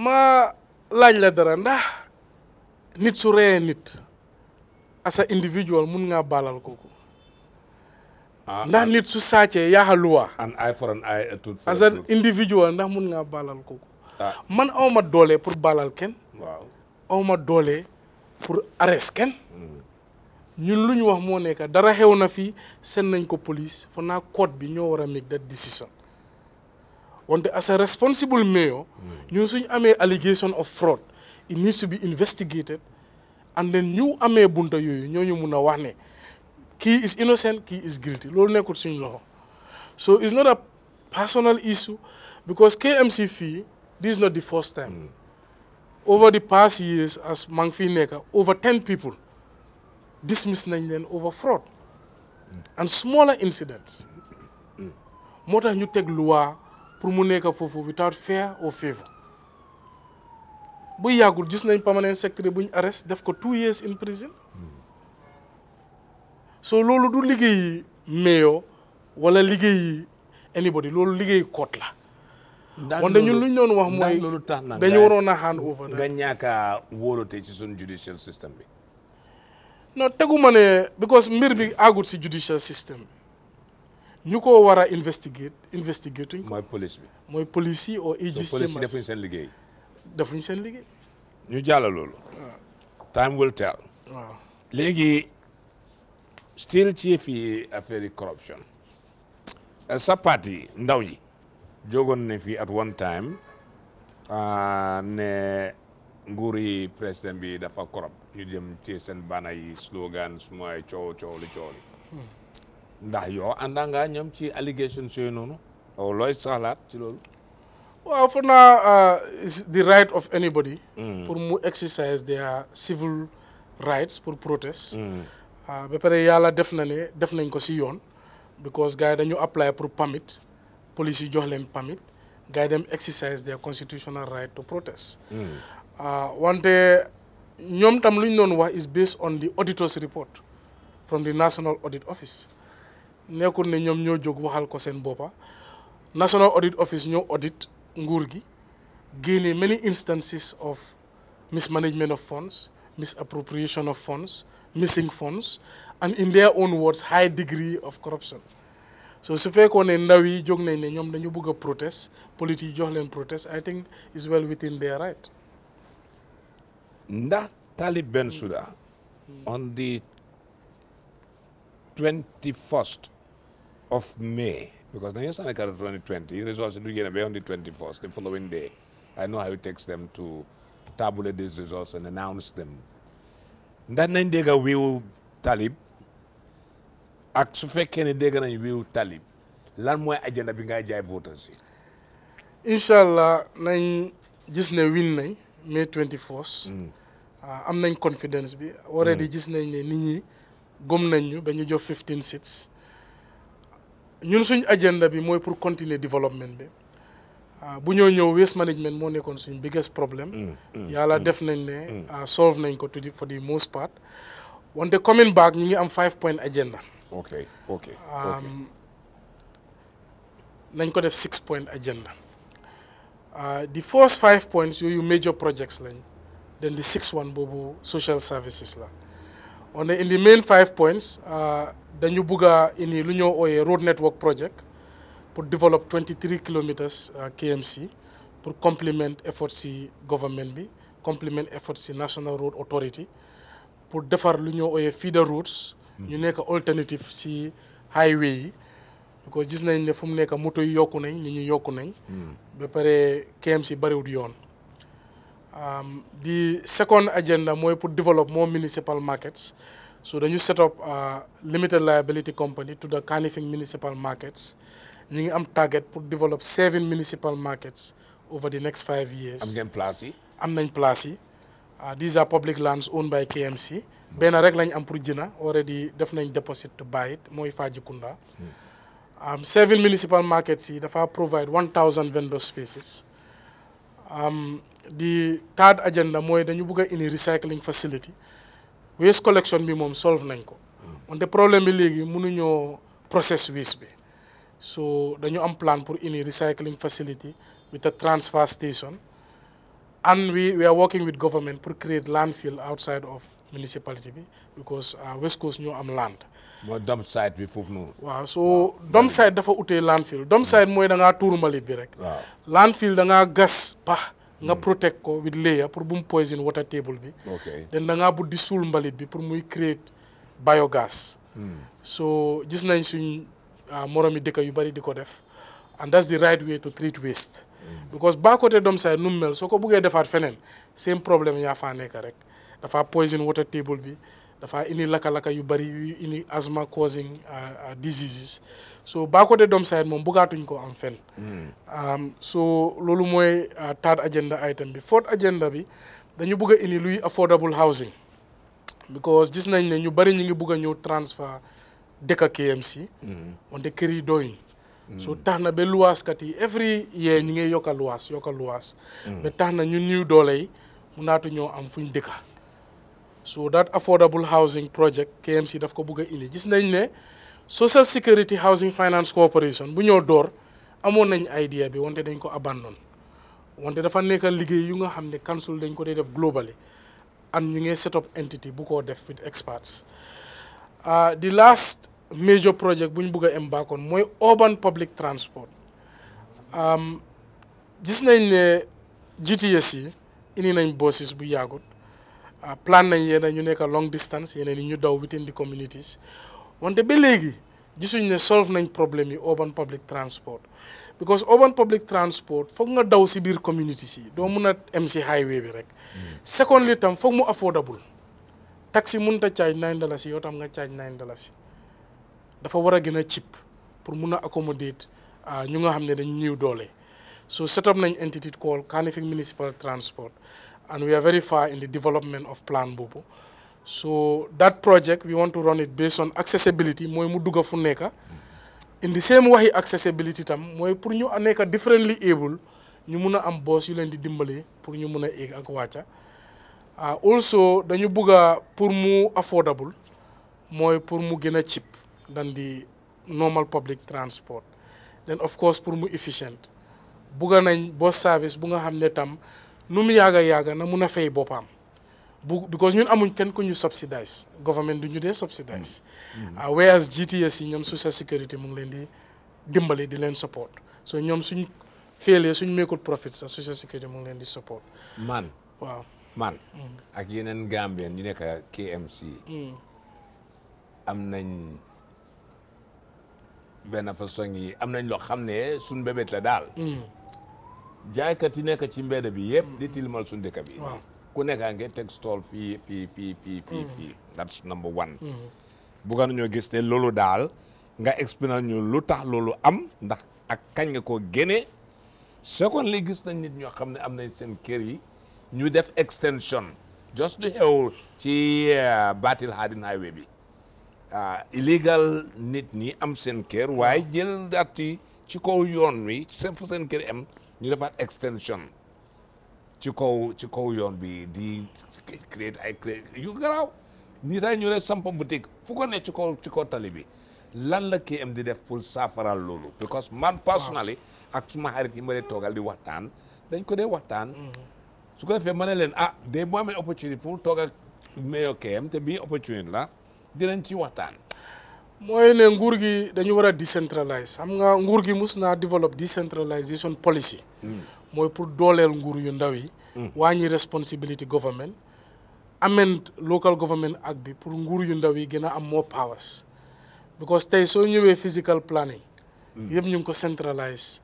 Speaker 1: ma laaj la
Speaker 2: dara ndax nit su reyee nit asa individual mun nga baalal koko Ah, ndax ah. nit su sàccee yaa luwaa an eye for an eye a tooth a tooth as an individual ndax mun ngaa baalal kooku ah. man awma doole pour baalal kenn waaw awma doole pour arrest kenn hmm. ñun lu ñu wax moo nekk dara xew na fii seen nañ ko police fa naa code bi ñoo war a make that decision wante as a responsible mayor hmm. ñun suñ amee allegation of fraud it needs to be investigated and then ñu amee bunta yooyu ñoo ñu mun a wax ne kii is innocent kii is guilty loolu nekkul suñ loxo so it's not a personal issue because KMC fii this is not the first time mm. over the past years as maa ngi fi nekk over ten people dismiss nañ leen over fraud mm. and smaller incidents moo tax ñu teg loi pour mu nekk foofu without fear or favour bu yàggul gis nañ permanent secretary bu ñu arrest def ko two years in prison so loolu du liggéey meeyoo wala liggéey anybody loolu liggéey coach la. ndax loolu ñun lu ñu doon wax mooy dañu waroon
Speaker 1: a hand over. nga ñaaka a wóolute ci suñu judicial system bi.
Speaker 2: non tegu ma ne because mbir bi àggut si judicial system bi ñu ko war a investigate investigate. mooy police bi mooy police yi oo aegis. so police seen liggéey. defuñ seen liggéey.
Speaker 1: ñu jàll loolu. Ah. Ah. léegi. still ci fii affaire yi corruption eh, sa ndaw yi jógoon ne fii at one time ah, ne nguuri président bi dafa corrupt ñu jëm ci seen bana yi slogan suma ay coow li coow li ndax yow ànda nga ñoom ci allégation yooyu noonu aw looy saxlaat ci loolu
Speaker 2: waaw for now ah, is the right of anybody mm. pour mu exercise their civil rights pour protest mm. waaw ah, ba pare yàlla def na ne def nañ ko si yoon because gars yi dañu apply pour permit police yi jox leen permit gars yi dem exercise their constitutional right to protest hmm. ah, wante ñoom tam lu ñu doon wax is based on the auditor's report from the National Audit Office nekkul ne ñoom ñoo jóg waxal ko seen boppa National Audit Office ñoo audit nguur gi génne many instances of mismanagement of funds misappropriation of funds missing funds and in their own words high degree of corruption so su fekkoon ne ndaw yi jóg nañ ne ñoom dañu bëgg a protest politique yi jox leen protest I think is well within their right.
Speaker 1: ndax Talib Bensouda on the 21st of May because dañoo sànni carte 2020 results yi du génn ba on the 21st the following day I know how it takes them to tabulate these results and announce them. ndax nañ dégg wiiw talib ak su fekkee ne dégg nañ wiiw talib lan mooy agenda bi ngay jaay voters yi incha allah nañ gis ne win nañ mai
Speaker 2: 24. Mm. Ah, am nañ confidence bi already mm. gis nañ ne nit ñi gëm nañ ñu ba ñu jox 15 seats ñun suñ agenda bi mooy pour continuer développement bi Ah, bu ñoo ñëw waste management moo nekkoon suñ biggest problème mm, mm, yàlla mm, def nañ ne ah, solve nañ ko tudi for the most part wante coming back ñu ngi am five point agenda
Speaker 1: ok um,
Speaker 2: nañ ko def six point agenda di ah, first five points yooyu major projects lañ then the six one boobu social services la on in the main five points dañu bugg a indi lu ñoo ooyee road network project pour develop 23 kilometers uh, KMC pour complement effort si government bi complement effort si National Road Authority pour defar lu ñoo ooyee feeder routes. ñu nekk alternative si highway yi. because gis nañ ne fu mu nekk moto yi yokku nañ nit ñi yokk nañ. ba pare KMC bariwut yoon. Um, di second agenda mooy pour develop more municipal markets. so dañu set up a uh, limited liability company to the Kanifing municipal markets. ñu ngi am target pour develop seven municipal markets over the next five years. am ngeen yi. am nañ place yi ah, these are public lands owned by KMC. benn rek lañ am pour jëna already def nañ deposit to buy it mooy Fajikunda. Um, seven municipal markets yi dafa provide one thousand vendor spaces. Um, di third agenda mooy dañu bëgg a indi recycling facility waste collection bi moom solve nañ ko. Hmm. wante problème bi léegi mënuñoo process waste bi. so dañu am plan pour any recycling facility with a transfer station and we, we are working with government pour create landfill outside of municipality bi because uh, West Coast ñoo am land.
Speaker 1: mooy dump bi foofu noonu.
Speaker 2: waaw so dump site dafa utee landfill dump mm. site mooy da ngaa tuur mbalit bi rek. waaw landfill da ngaa gas pa mm. nga protect ko with layer pour bu mu poison water table bi. ok den da ngaa buddi suul mbalit bi pour muy create biogas. Mm. so gis nañ suñ. moromi dëkk yu bari di ko def and that's the right way to treat waste because baa côté Domsaay nu mel soo ko buggee defaat feneen seen problème yaa faa nekk rek dafa poison water table bi dafaa indi laka-laka yu bari yu indi asthma causing uh, uh, diseases so baa côté Domsaay moom buggaatuñ ko am fen um, so loolu mooy uh, third agenda item bi fourth agenda bi dañu bugg a indi luy affordable housing because gis nañ ne ñu bari ñu ngi bugg a ñëw transfer dëkk KMC. Mm-hmm. wante kër yi doyuñ. Mm-hmm. so tax na ba luwaaskat yi every yee ñi ngay yokkal luwaas yokkal luwaas. Mm-hmm. ba tax na ñun ñuy doole yi mu naatu ñoo am fu ñu dëkka so that affordable housing project KMC daf ko bugg indi gis nañ ne social security housing finance corporation bu ñoo door amoon nañ idea bi wante dañ ko abandon wante dafa nekk liggéey yu nga xam ne council dañ ko dee def globally and ñu ngi set up entity bu koo def with experts. di ah, last major project bu ñu bugg a embark on mooy urban public transport um, gis nañ ne GTS yi indi nañ buses bu yàggut ah, plan nañ yeneen ñu nekk long distance yeneen yi ñu daw within the communities wante ba léegi gisuñ ne solve nañ problème yi urban public transport because urban public transport foog nga daw si biir communities yi doo mun a em si highway bi rek hmm. secondly tam foog mu affordable taxi mënut a charge nine dalasi yow tam nga caaj nine dalasi dafa war a gën a cheap pour mun a accommodate ah, ñu nga xam ne dañ ñëw doole so set up nañ entity called Kanifing Municipal Transport and we are very far in the development of plan boobu so that project we want to run it based on accessibility mooy mu dugg fu nekk in the same waxi accessibility tam mooy pour ñu nekk differently able ñu mun a am boss yu leen di dimbale pour ñu mun a eeg ak wàcca ah also dañu bugg pour mu affordable mooy pour mu gën a cheap dan di normal public transport then of course pour mu efficient bugga nañ bus service bu nga xam ne tam num mu yàgg a yàgg na mun a fay boppam bu because ñun amuñ kenn ku ñu subsidize government du ñu dee subsidize mm-hmm. ah, whereas GTS yi ñoom social security mu ngi leen di dimbali di leen support so ñoom suñ féelee suñ mekkul profit sax social security mu ngi leen di support man waaw
Speaker 1: man mm. ak yeneen Gambien ñu nekk KMC mm. am nañ benn façon yi am nañ loo xam ne suñ bébét la daal mm. jaaykat yi nekk ci mbedd bi yëpp di tilimal suñ dëkk bi ku nekkaa nge teg stall fii fii fii fii fii fii that's number one bugga nañoo gis ne loolu daal nga expliqué ñu lu tax loolu am ndax ak kañ nga ko génne second li gis nañ nit ñoo xam ne am nañ seen kër yi ñu def extension just du xew ci euh, Batil Harding highway bi euh, illegal nit ñi am seen kër waaye jël dati ci kaw yoon wi seen fu seen kër am ñu defaat extension ci kaw ci kaw yoon bi di créer ay créer yu garaaw ñi tay ñu ne samp boutique fu ko ne ci kaw ci kaw tali bi lan la KM di def pour saafaral loolu because man personally ak suma xarit yi ma dee toogal di waxtaan dañ ko dee waxtaan mm-hmm. su ko defee ma ne leen ah de bu amee opportunité pour toog ak meilleur KM te bii opportunité la dinañ ci waxtaan.
Speaker 2: mooy ne nguur gi dañu war a décentralise xam nga nguur gi mus naa développe décentralisation policy. Mm. mooy pour dooleel nguur yu ndaw yi. Mm. waa ñi responsibility government. amend local government ak bi pour nguur yu ndaw yi gën a am more powers because tey soo ñëwee physical planning. Mm. yëpp ñu ngi ko centralise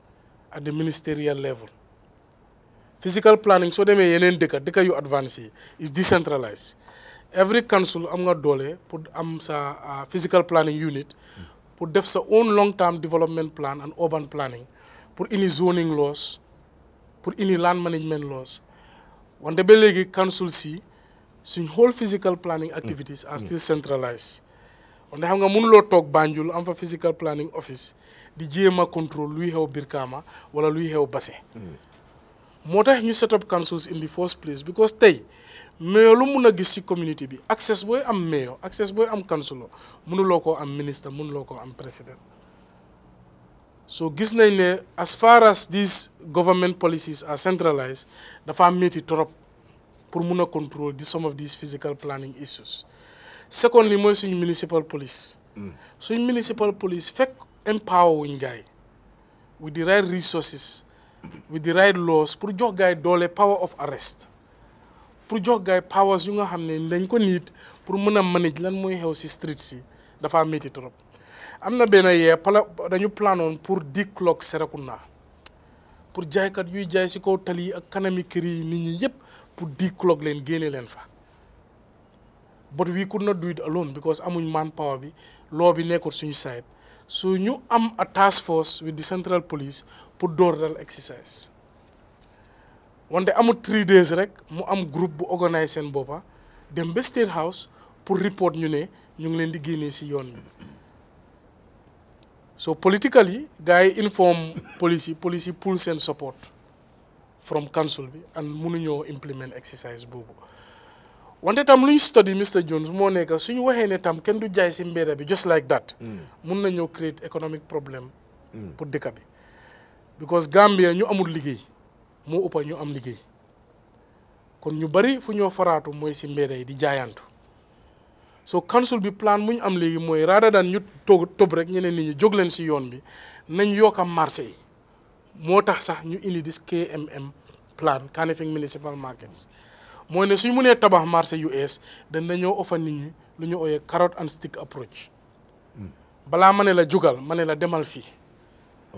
Speaker 2: at the ministerial level. physical planning soo demee yeneen dëkka dëkka yu advancé yi is decentralized every council am nga doole pour am sa ah, physical planning unit pour def sa own long term development plan and urban planning pour indi zoning laws pour indi land management laws wante ba léegi council si suñ whole physical planning activities are still centralized wante xam nga munuloo toog Banjul am fa physical planning office di jéem a contrôle luy xew Brikama wala luy xew Basse moo tax ñu set up councils in the first place because tey mayor lu mun a gis ci community bi access booy am mayor access booy am councilor mënuloo ko am ministre mënuloo koo am président so gis nañ ne as far as these government policies are centralized dafa métti trop pour mun a control di some of these physical planning issues secondly mooy suñu municipal police mm. suñ municipal police fekk empower wuñ gaay with the right resources with the right laws pour jox doole power of arrest pour jox gaay powers yu nga xam ne dañ ko niit pour mën a manage lan mooy xew si street si dafa métti trop am na benn yee pala dañu planoon pour dix clock Serekunda pour jaaykat yuy jaay si kaw tali yi ak kanami kër yi nit ñi yëpp pour dix clock leen génne leen fa but we could not do it alone because amuñ man power bi loo bi nekkul suñu side so ñu am a task force with the central police pour door dal exercice wante amut three days rek mu am groupe bu organise seen boppa dem ba State House pour report ñu ne ñu ngi leen di génnee si yoon bi so political yi gars yi inform police yi police yi pull seen support from council bi and mënuñoo implement exercise boobu wante tam luñ study Mr Jones moo nekk ñu waxee ne tam kenn du jaay si mbedda bi just like that mm. mun nañoo create economic problème mm. pour dëkk bi because Gambia ñu amul liggéey moo ëpp ñu am liggéey kon ñu bari fu ñoo faraatu mooy si mbedd yi di jaayantu so council bi plan mu ñu am léegi mooy rather than ñu toog tëb rek ñeneen nit ñi jóg leen si yoon bi nañ yokk am marché yi moo tax sax ñu indi dis KMM plan Kanifing Municipal Markets mooy ne suñ mënee tabax marché US dañ dañoo offer nit ñi lu ñu ooyee carrot and stick approach hmm. balaa ma ne la jugal ma ne la demal fii.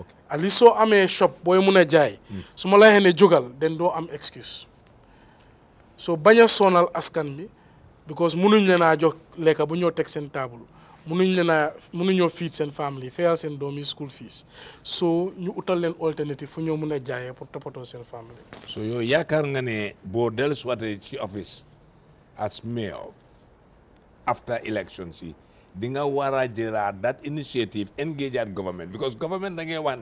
Speaker 2: ok soo amee shop booy mun a jaay. su ma la ne jógal den doo am excuse. soo bañ a sonal askan bi because munuñ leen a jox lekka bu ñoo teg seen table munuñ leen a munuñoo feed seen family fayal seen doom yi school soo ñu utal leen alternative fu ñoo mun a jaayee pour toppatoo seen family.
Speaker 1: so yow yaakaar nga ne boo dellusiwaatee ci office as mayor after elections yi. di nga war a jëlaat that initiative engage at government because government da ngay wax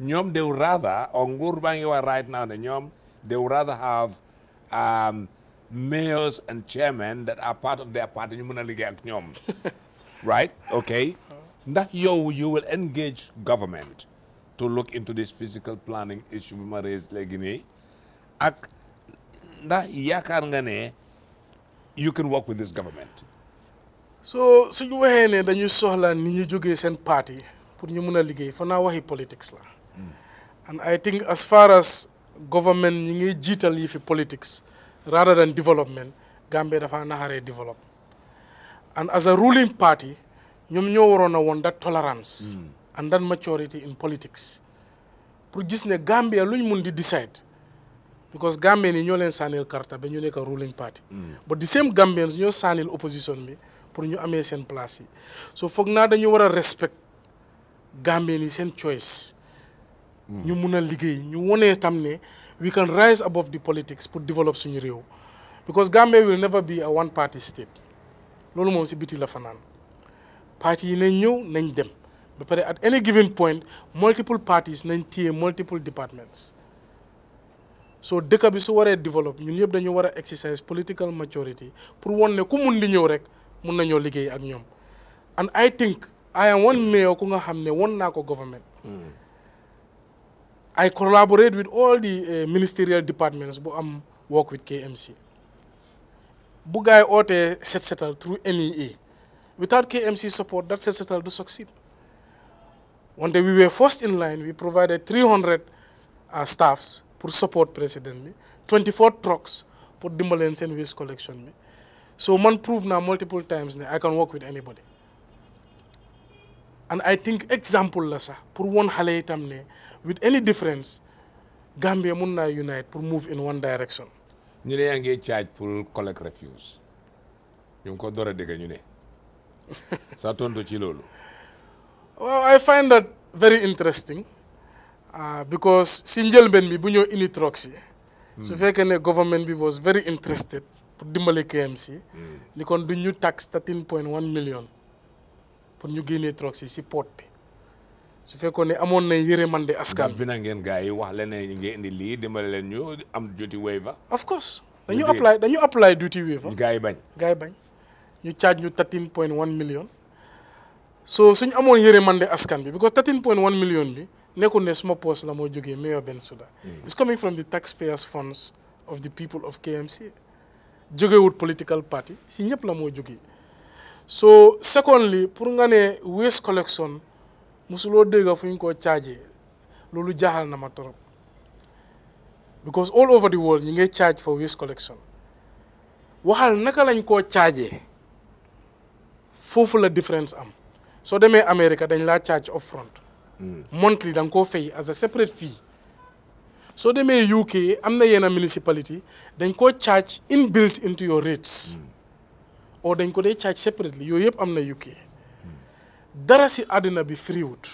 Speaker 1: ñoom they would rather or nguur baa ngi wax right now ne ñoom they would rather have um, mayors and chairmen that are part of their party ñu mën a liggéey ak ñoom right ndax yow you will engage government to look into this physical planning issue bi ma raise léegi nii ndax yaakaar nga ne you can work with this government so suñu waxee ne
Speaker 2: dañuy soxla ni ñu jógee seen parti pour ñu mun a liggéey fa naa waxi politics la and I think as far as government ñi ngi jiital yi fi politics rather than development Gambia dafa naxaree develop and as a ruling party ñoom ñoo waroon a woon that tolerance and that maturity in politics pour gis ne Gambia luñ mun di decide because Gambien yi ñoo leen saanil karta ba ñu nekk ruling party mm. but the same Gambians ñoo saanil opposition bi pour ñu amee seen place yi so foog naa dañu war a respect Gambien ni seen choice. Mm. ñu mun a liggéey ñu wonee tam ne we can rise above the politics pour développer suñu réew. because Gambia will never be a one party state loolu moom si biti la fanaan parti yi ne ñëw nañ dem ba pare at any given point multiple parties nañ téye multiple departments. so dëkk bi su waree développe ñun yëpp dañu war a exercise political maturity pour won ne ku mun di ñëw rek. mun nañoo liggéey ak ñoom and I think I am one mayor ku nga xam ne won naa ko government mm. I collaborate with all the eh, ministerial departments bu am work with KMC bu gaay ootee set setal through NEA without KMC support that set setal du succeed wante we were first in line we provided 300 uh, staffs pour support président bi 24 trucks pour dimbaleen seen waste collection bi So man proved now multiple times I can work with anybody. And I think example la sax pour won xale yi tam ne with any difference Gambia mun naa unite pour move in one direction.
Speaker 1: ñu ne yaa ngi charge pour collect refuse ñu ngi ko door a dégg ñu ne sa tontu ci loolu.
Speaker 2: waaw I find that very interesting uh, because si njëlbeen bi bu ñëw Unitrox yi. su hmm. fekkee ne government bi was very interested. pour dimbale KMC. ni hmm. kon du ñu tax 13.1 million pour ñu génnee trox yi si port bi
Speaker 1: su fekkoon ne amoon nañ na yërmande askan bi na ngeen gars yi wax leen ne ñu ngi indi leen ñu am duty waiver. of course dañu apply dañu
Speaker 2: apply duty waiver. gars yi bañ gars yi bañ ñu charge ñu 13.1 million. so suñu amoon yërmande askan bi because 13.1 million bi nekkul ne suma poste la moo jógee mayor Bensouda. Hmm. it's coming from the taxpayers' funds of the people of KMC. jógewut political party si ñëpp la moo jógee so secondly pour nga ne waste collection musuloo dégg fu ñu koo chargé loolu jaaxal na ma trop because all over the world ñi ngay charge for waste collection waxal naka lañ koo chargé foofu la difference am soo demee Amérique dañ laa charge up front hmm. monthly da nga koo fay as a separate fee soo demee UK am na yenn municipality dañ koo charge inbuilt into your rates or dañ ko dee charge separately yooyu yëpp am na UK dara si àddina bi friwut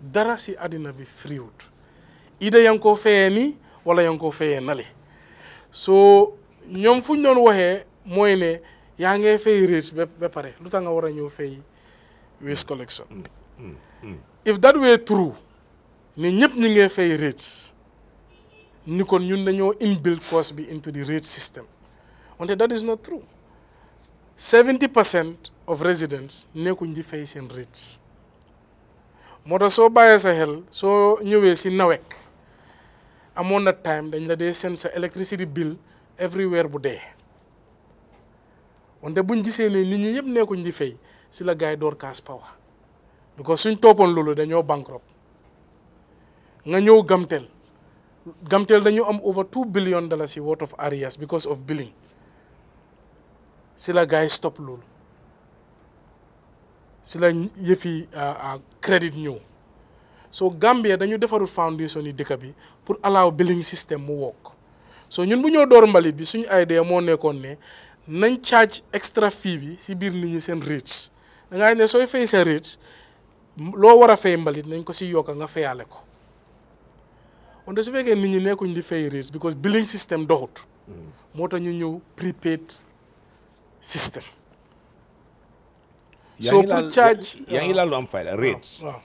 Speaker 2: dara si àddina bi friwut ida yaa ngi koo fayee nii wala yaa ngi koo fayee nale soo ñoom fu ñu doon waxee mooy ne yaa ngee fay rates ba pare lu ta nga war a ñëw fay waste collection mm, mm, mm. if that way true ne ñëpp ñi ngay fay rates ni kon ñun dañoo inbuilt cost bi into the rate system wante that is not true seventy percent of residents nekkuñ di fay seen rates moo tax soo bàyyee sa xel soo ñëwee si nawek amoon na time dañ la dee seen sa electricity bill everywhere bu dee wante buñ gisee ne nit ñi yëpp nekkuñ di fay si la gaay door cash power because suñ toppoon loolu dañoo bankrupt nga ñëw Gamtel Gamtel dañu am over two billion dollars yi worth of arrears because of billing si la gars stop loolu si la yëfi ah, ah, crédit ñëw so Gambia dañu defarul foundation yi dëkk bi pour allow billing system mu wokk so ñun bu ñoo door mbalit bi suñu idée moo nekkoon ne nañ charge extra fee bi si biir nit ñi seen rates da ngaa ne sooy fay sa rates loo war a fay mbalit nañ ko si yokk nga fayaale ko. wante su fekkee nit ñi nekkuñ di fay rates because billing system doxut moo tax ñu ñëw prepaid system
Speaker 1: soo pour yaa ngi laal lu am fayda rates waaw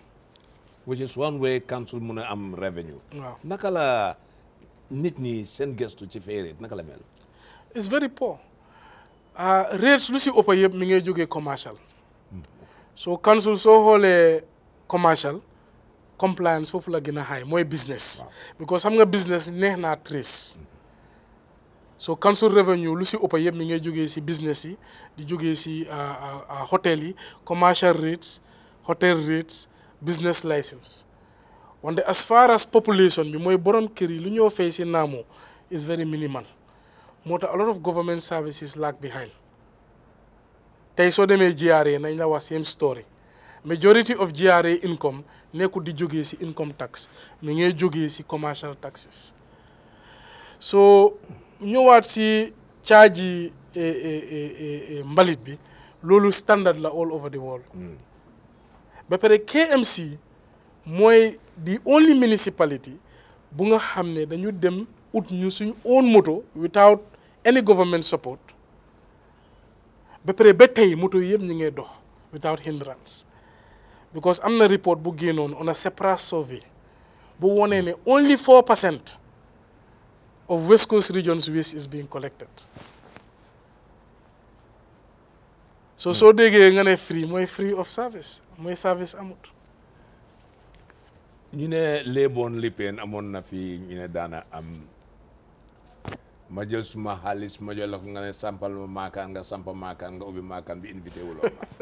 Speaker 1: which a am revenue naka la nit ñi seen gëstu ci fay rate naka la mel
Speaker 2: it's very poor
Speaker 1: ah, rates lu si ëpp yëpp mi ngay jógee commercial
Speaker 2: hmm. soo council soo xoolee commercial compliance foofu la gën a xaay mooy business. because xam nga business neex naa trace. so council revenue lu si ëpp yëpp mi ngay jógee si business yi di jógee si hôtel ah, ah, ah, yi commercial rates hotel rates business license. wante as far as population bi mooy borom kër yi lu ñoo fay si naamoo is very minimal moo tax a lot of government services lag behind tey soo demee GRA nañ la wax same story. majority of GRA income nekkul di jóge si income tax mi ngay jóge si commercial taxes so ñëwaat si charge yi mbalit bi loolu standard la all over the world hmm. ba pare KMC mooy the only municipality bu nga xam ne dañu dem ut ñu suñ own moto without any government support ba pare ba tey moto yëpp ñu ngay dox without hindrance because am na report bu génnoon on a separate survey bu wonee ne only four percent of West Coast region's waste is being collected so soo déggee nga ne free mooy free of service mooy service amut
Speaker 1: ñu ne léeboon lippeen amoon na fi ñu ne daana am ma jël suma xaalis ma jël la ko nga ne sampal ma maakaan nga sampa maakaan nga ubbi maakaan bi invité wulo ma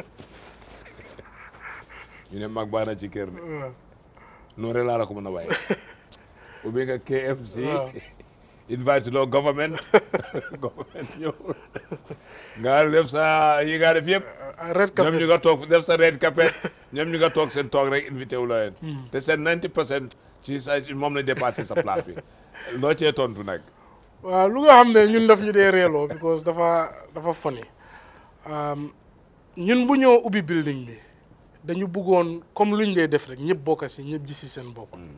Speaker 1: ñu ne mag baax na ci kër de. noonu rek laa la ko mën a waaye. ubbi nga KFC. invite loo government government ñëw nga def sa yi nga def yëpp. red carpet ñoom ñu nga toog def sa ñoom ñu toog seen toog rek invité wu la leen. Hmm. te seen 90 pour ci sa moom la dépassé sa place bi loo cee tontu nag.
Speaker 2: lu nga xam ne ñun daf ñu dee reeloo because dafa dafa funny um, ñun bu ñëw ubbi building bi. dañu buggoon comme ñu lay def rek ñëpp bokk si ñëpp gis si seen bopp. Hmm.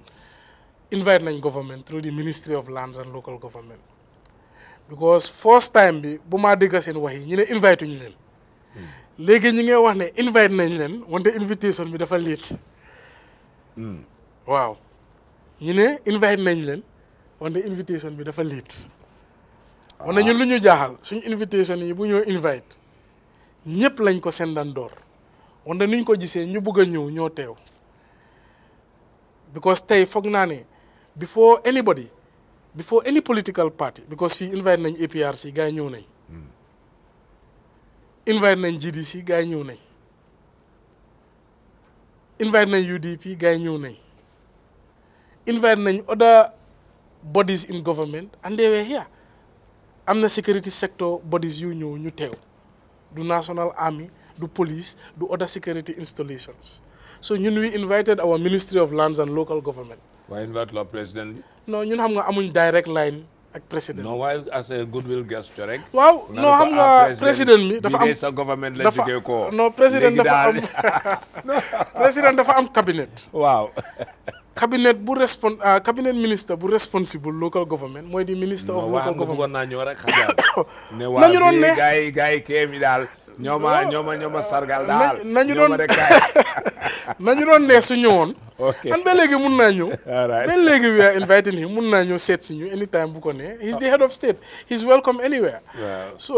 Speaker 2: invite nañ government through the ministry of lands and local government. because first time bi bu maa dégg seen wax yi ñu ne invite ñu leen. Hmm. léegi ñu ngi wax ne invite nañ leen wante invitation bi dafa liit. Hmm. waaw ñu ne invite nañ leen wante invitation bi dafa liit. wane ah. ñun lu ñu jaaxal suñu invitation yi bu ñoo invite ñëpp lañ ko seen sendandoor. wante niñ ko gisee ñu bëgg a ñëw ñoo teew because tey foog naa ne before anybody before any political party because fii invite nañ APRC gars yi ñëw nañ invite nañ GDC gars yi ñëw nañ invite nañ UDP gars yi ñëw nañ invite nañ other bodies in government and they were am na security sector bodies yu ñëw ñu teew du national army du police du other security installations so ñun we invited our ministry of lands and local
Speaker 1: government. waaye
Speaker 2: ñun xam nga amuñ direct line. ak président non waaye a
Speaker 1: goodwill gesture rek. waaw non xam ah, nga président bi dafa am sa government la jógee ko non président dafa am
Speaker 2: président am cabinet. waaw. cabinet bu respon ah, cabinet ministre bu responsible local government mooy di minister of local government. naa
Speaker 1: ne waa bii gars yi ñoo ma ñoo ma nañu doon nañu
Speaker 2: doon neex su ñëwoon. ok man léegi mun naa ñëw. ba léegi we are inviting him mun naa ñëw seet si ñu anytime bu ko ne he's the head of state he's welcome anywhere. so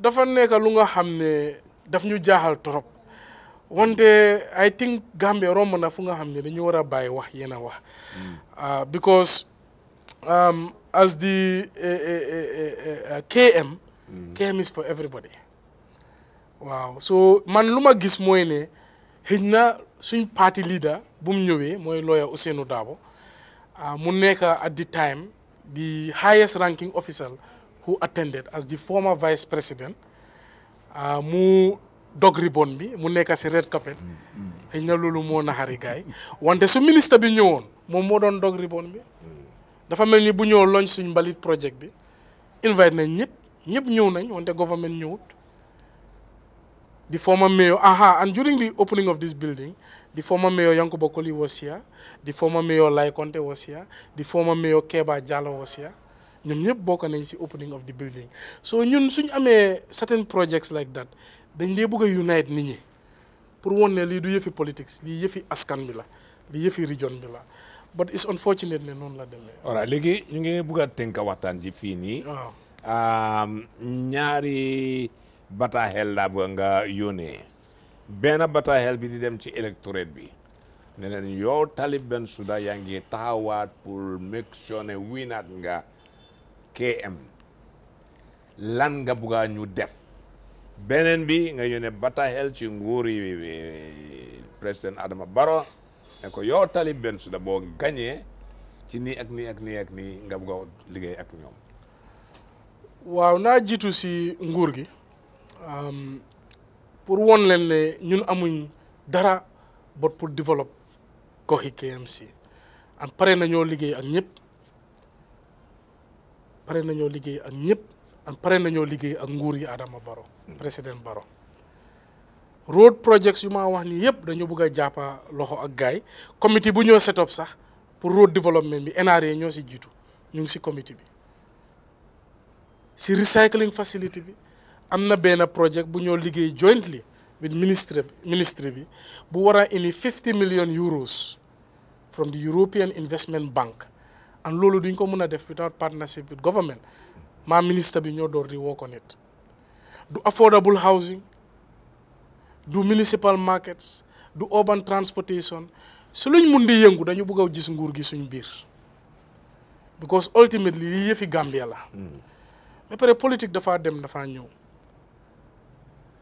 Speaker 2: dafa nekk lu nga xam ne daf ñu jaaxal trop. wante I think Gambia romb na fu nga xam ne dañu war a bàyyi wax yéen a wax. Hmm. Ah, because um, as the eh, eh, eh, KM. Hmm. KM is for everybody. waaw so man lu ma gis mooy ne xëj na suñ parti leader bu mu ñëwee mooy lawyer Ousainou Darboe ah, mu nekk at the time the highest ranking official who attended as the former vice president ah, mu dog ribbon bi mu nekk si red carpet mm, mm. xëy na loolu moo naxari gaay wante su ministre bi ñëwoon moom moo doon dog ribbon bi mm. dafa mel ni bu ñëw loñ suñ mbalit projet bi invite nañ ñëpp ñëpp ñëw nañ wante government ñëwut the former mayor, aha, and during the opening of this building, the former mayor Yanko Bokoli was here, the former mayor Lai Conte was here, the former mayor Keba Jalo was here. ñoom ñëpp bokk nañ si opening of the building so ñun suñ amee certain projects like that dañ dee bëgg a unite nit ñi pour woon ne lii du yëfi politics lii yëfi askan bi la lii yëfi region bi la but it's unfortunate ne noonu la demee.
Speaker 1: voilà léegi ñu ngi bëgg a tënk ji fii nii. ñaari. bataaxel laa bëgg nga yónnee benn bataaxel bi di dem ci électorate bi ne leen yow Talib Bensouda yaa ngi taxawaat pour make sure ne nga KM lan nga bugga ñu def beneen bi nga yónnee bataaxel ci nguuri président Adama Barrow ne ko yow Talib Bensouda boo gañee ci nii ak nii ak nii ak nii nga bugg liggéey ak ñoom
Speaker 2: waaw naa jiitu si nguur gi Euh, pour won leen ne ñun amuñ dara bot pour développer goxi KMC am ah, pare nañoo liggéey ak ñëpp pare nañoo liggéey ak ñëpp am ah, pare nañoo liggéey ak nguur yi Adama Barrow président baro road projects yu ma wax nii yëpp dañu bëgg a jàppa loxo ak gaay comité bu ñoo set sax pour road development bi NRA ñoo si jiitu ñu ngi si comité bi si recycling facility bi am na benn projet bu ñoo liggéey jointly with ministre ministre bi bu war a indi 50 million euros from the European Investment Bank and loolu duñ ko mën a def without partnership with government maa ministre bi ñoo door di work on it du affordable housing du municipal markets du urban transportation su luñ mun di yëngu dañu bëgg a gis nguur gi suñu biir because ultimately lii yëfi Gambia la hmm. ba pare politique dafa dem dafaa ñëw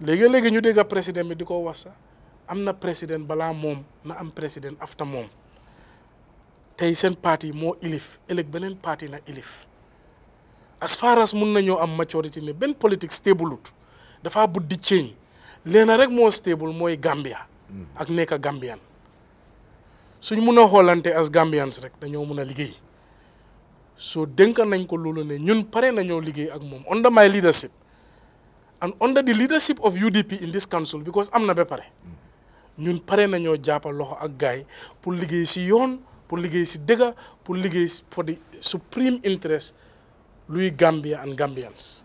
Speaker 2: léegi-léegi ñu dégg président mi di ko wax sax am na président balaa moom na am président afta moom tey seen parti moo ilif ëllëg beneen parti na ilif as far as mun nañoo am maturité ne benn politique stable ut dafaa buddi change leena rek moo stable mooy Gambia. Hmm. ak nekk Gambian suñ mun a xoolante as Gambians rek dañoo mun a liggéey soo dénk nañ ko loolu ne ñun pare nañoo liggéey ak moom under my leadership and under the leadership of UDP in this council because am na ba pare ñun pare nañoo jàppal loxo ak gaay pour liggéey si yoon pour liggéey si dëgga pour liggéey for the supreme interest luy Gambia and Gambians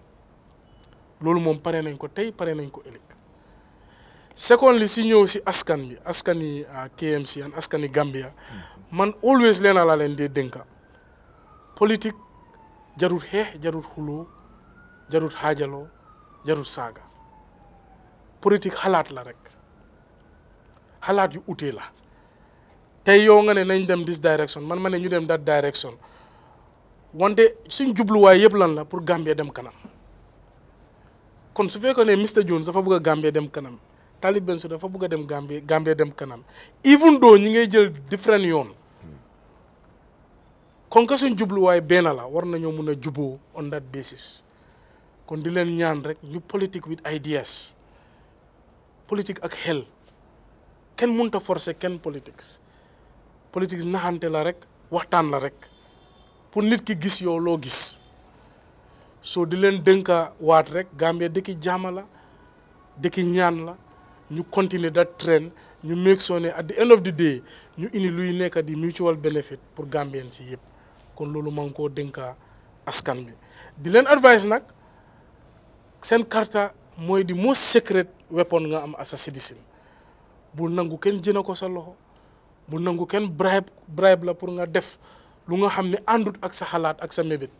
Speaker 2: loolu moom pare nañ ko tey pare nañ ko ëllëg secondly si ñëw si askan bi askani yi ah, KMC and askan yi Gambia man always leena laa leen dee dénka politique jarut xeex jarut xuloo jarut xaajaloo jarul saaga politique xalaat la rek xalaat yu utee la tey yow nga ne nañ dem this direction man ma ne ñu dem that direction wante suñ jubluwaay yëpp lan la pour Gambia dem kanam kon su fekkoon ne Mr Jones dafa bëgg a Gambia dem kanam Talib Bensouda dafa bëgg dem Gambia Gambia dem kanam even though ñi ngay jël different yoon kon que suñ jubluwaay benn la war nañoo mun a juboo on that basis kon di leen ñaan rek ñu politique with ideas politique ak xel kenn mënut a kenn politics politics naxante la rek waxtaan la rek pour nit ki gis yow loo gis soo di leen dënka waat rek Gambia dëkki jaama la dëkki ñaan la ñu continuer that trend ñu make sure ne at the end of the day ñu indi luy nekk di mutual benefit pour Gambien si yëpp kon loolu maa ngi koo dënka askan bi di leen advice nag. seen karta mooy di most secret weapon nga am as a citizen bul nangu kenn jëna ko sa loxo bu nangu kenn bribe bribe la pour nga def lu nga xam ne àndut ak sa xalaat ak sa mébét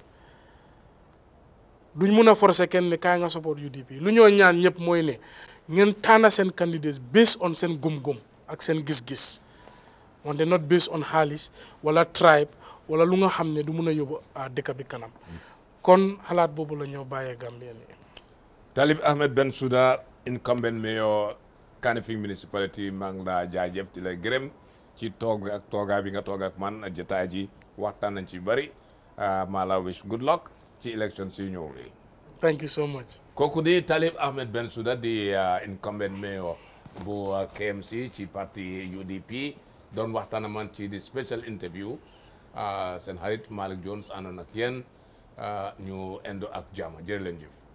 Speaker 2: duñ mun a forcer kenn ne kaay nga support UDP lu ñoo ñaan ñëpp mooy ne ngeen tànna seen candidates based on seen gëm-gëm ak seen gis-gis wante not based on xaalis wala tribe wala lu nga xam ne du mun a yóbbu dëkk bi kanam kon xalaat boobu la ñoo bàyyee Gambien
Speaker 1: Talib Ahmed Bensouda incumbent mayor Kanifing municipality maa ngi laa jaajëf di la gërëm ci toog ak toogaa bi nga toog ak man ak jotaay ji waxtaan nañ ci bari ah, maa la wish good luck ci élection si ñëw yi
Speaker 2: thank you so much
Speaker 1: kooku di Talib Ahmed Bensouda di ah, incumbent mayor bu ah, KMC ci parti UDP don waxtaan man ci di special interview seen xarit Malick Jones àndoon ak yéen ñu endo ak jàmm jërë jëf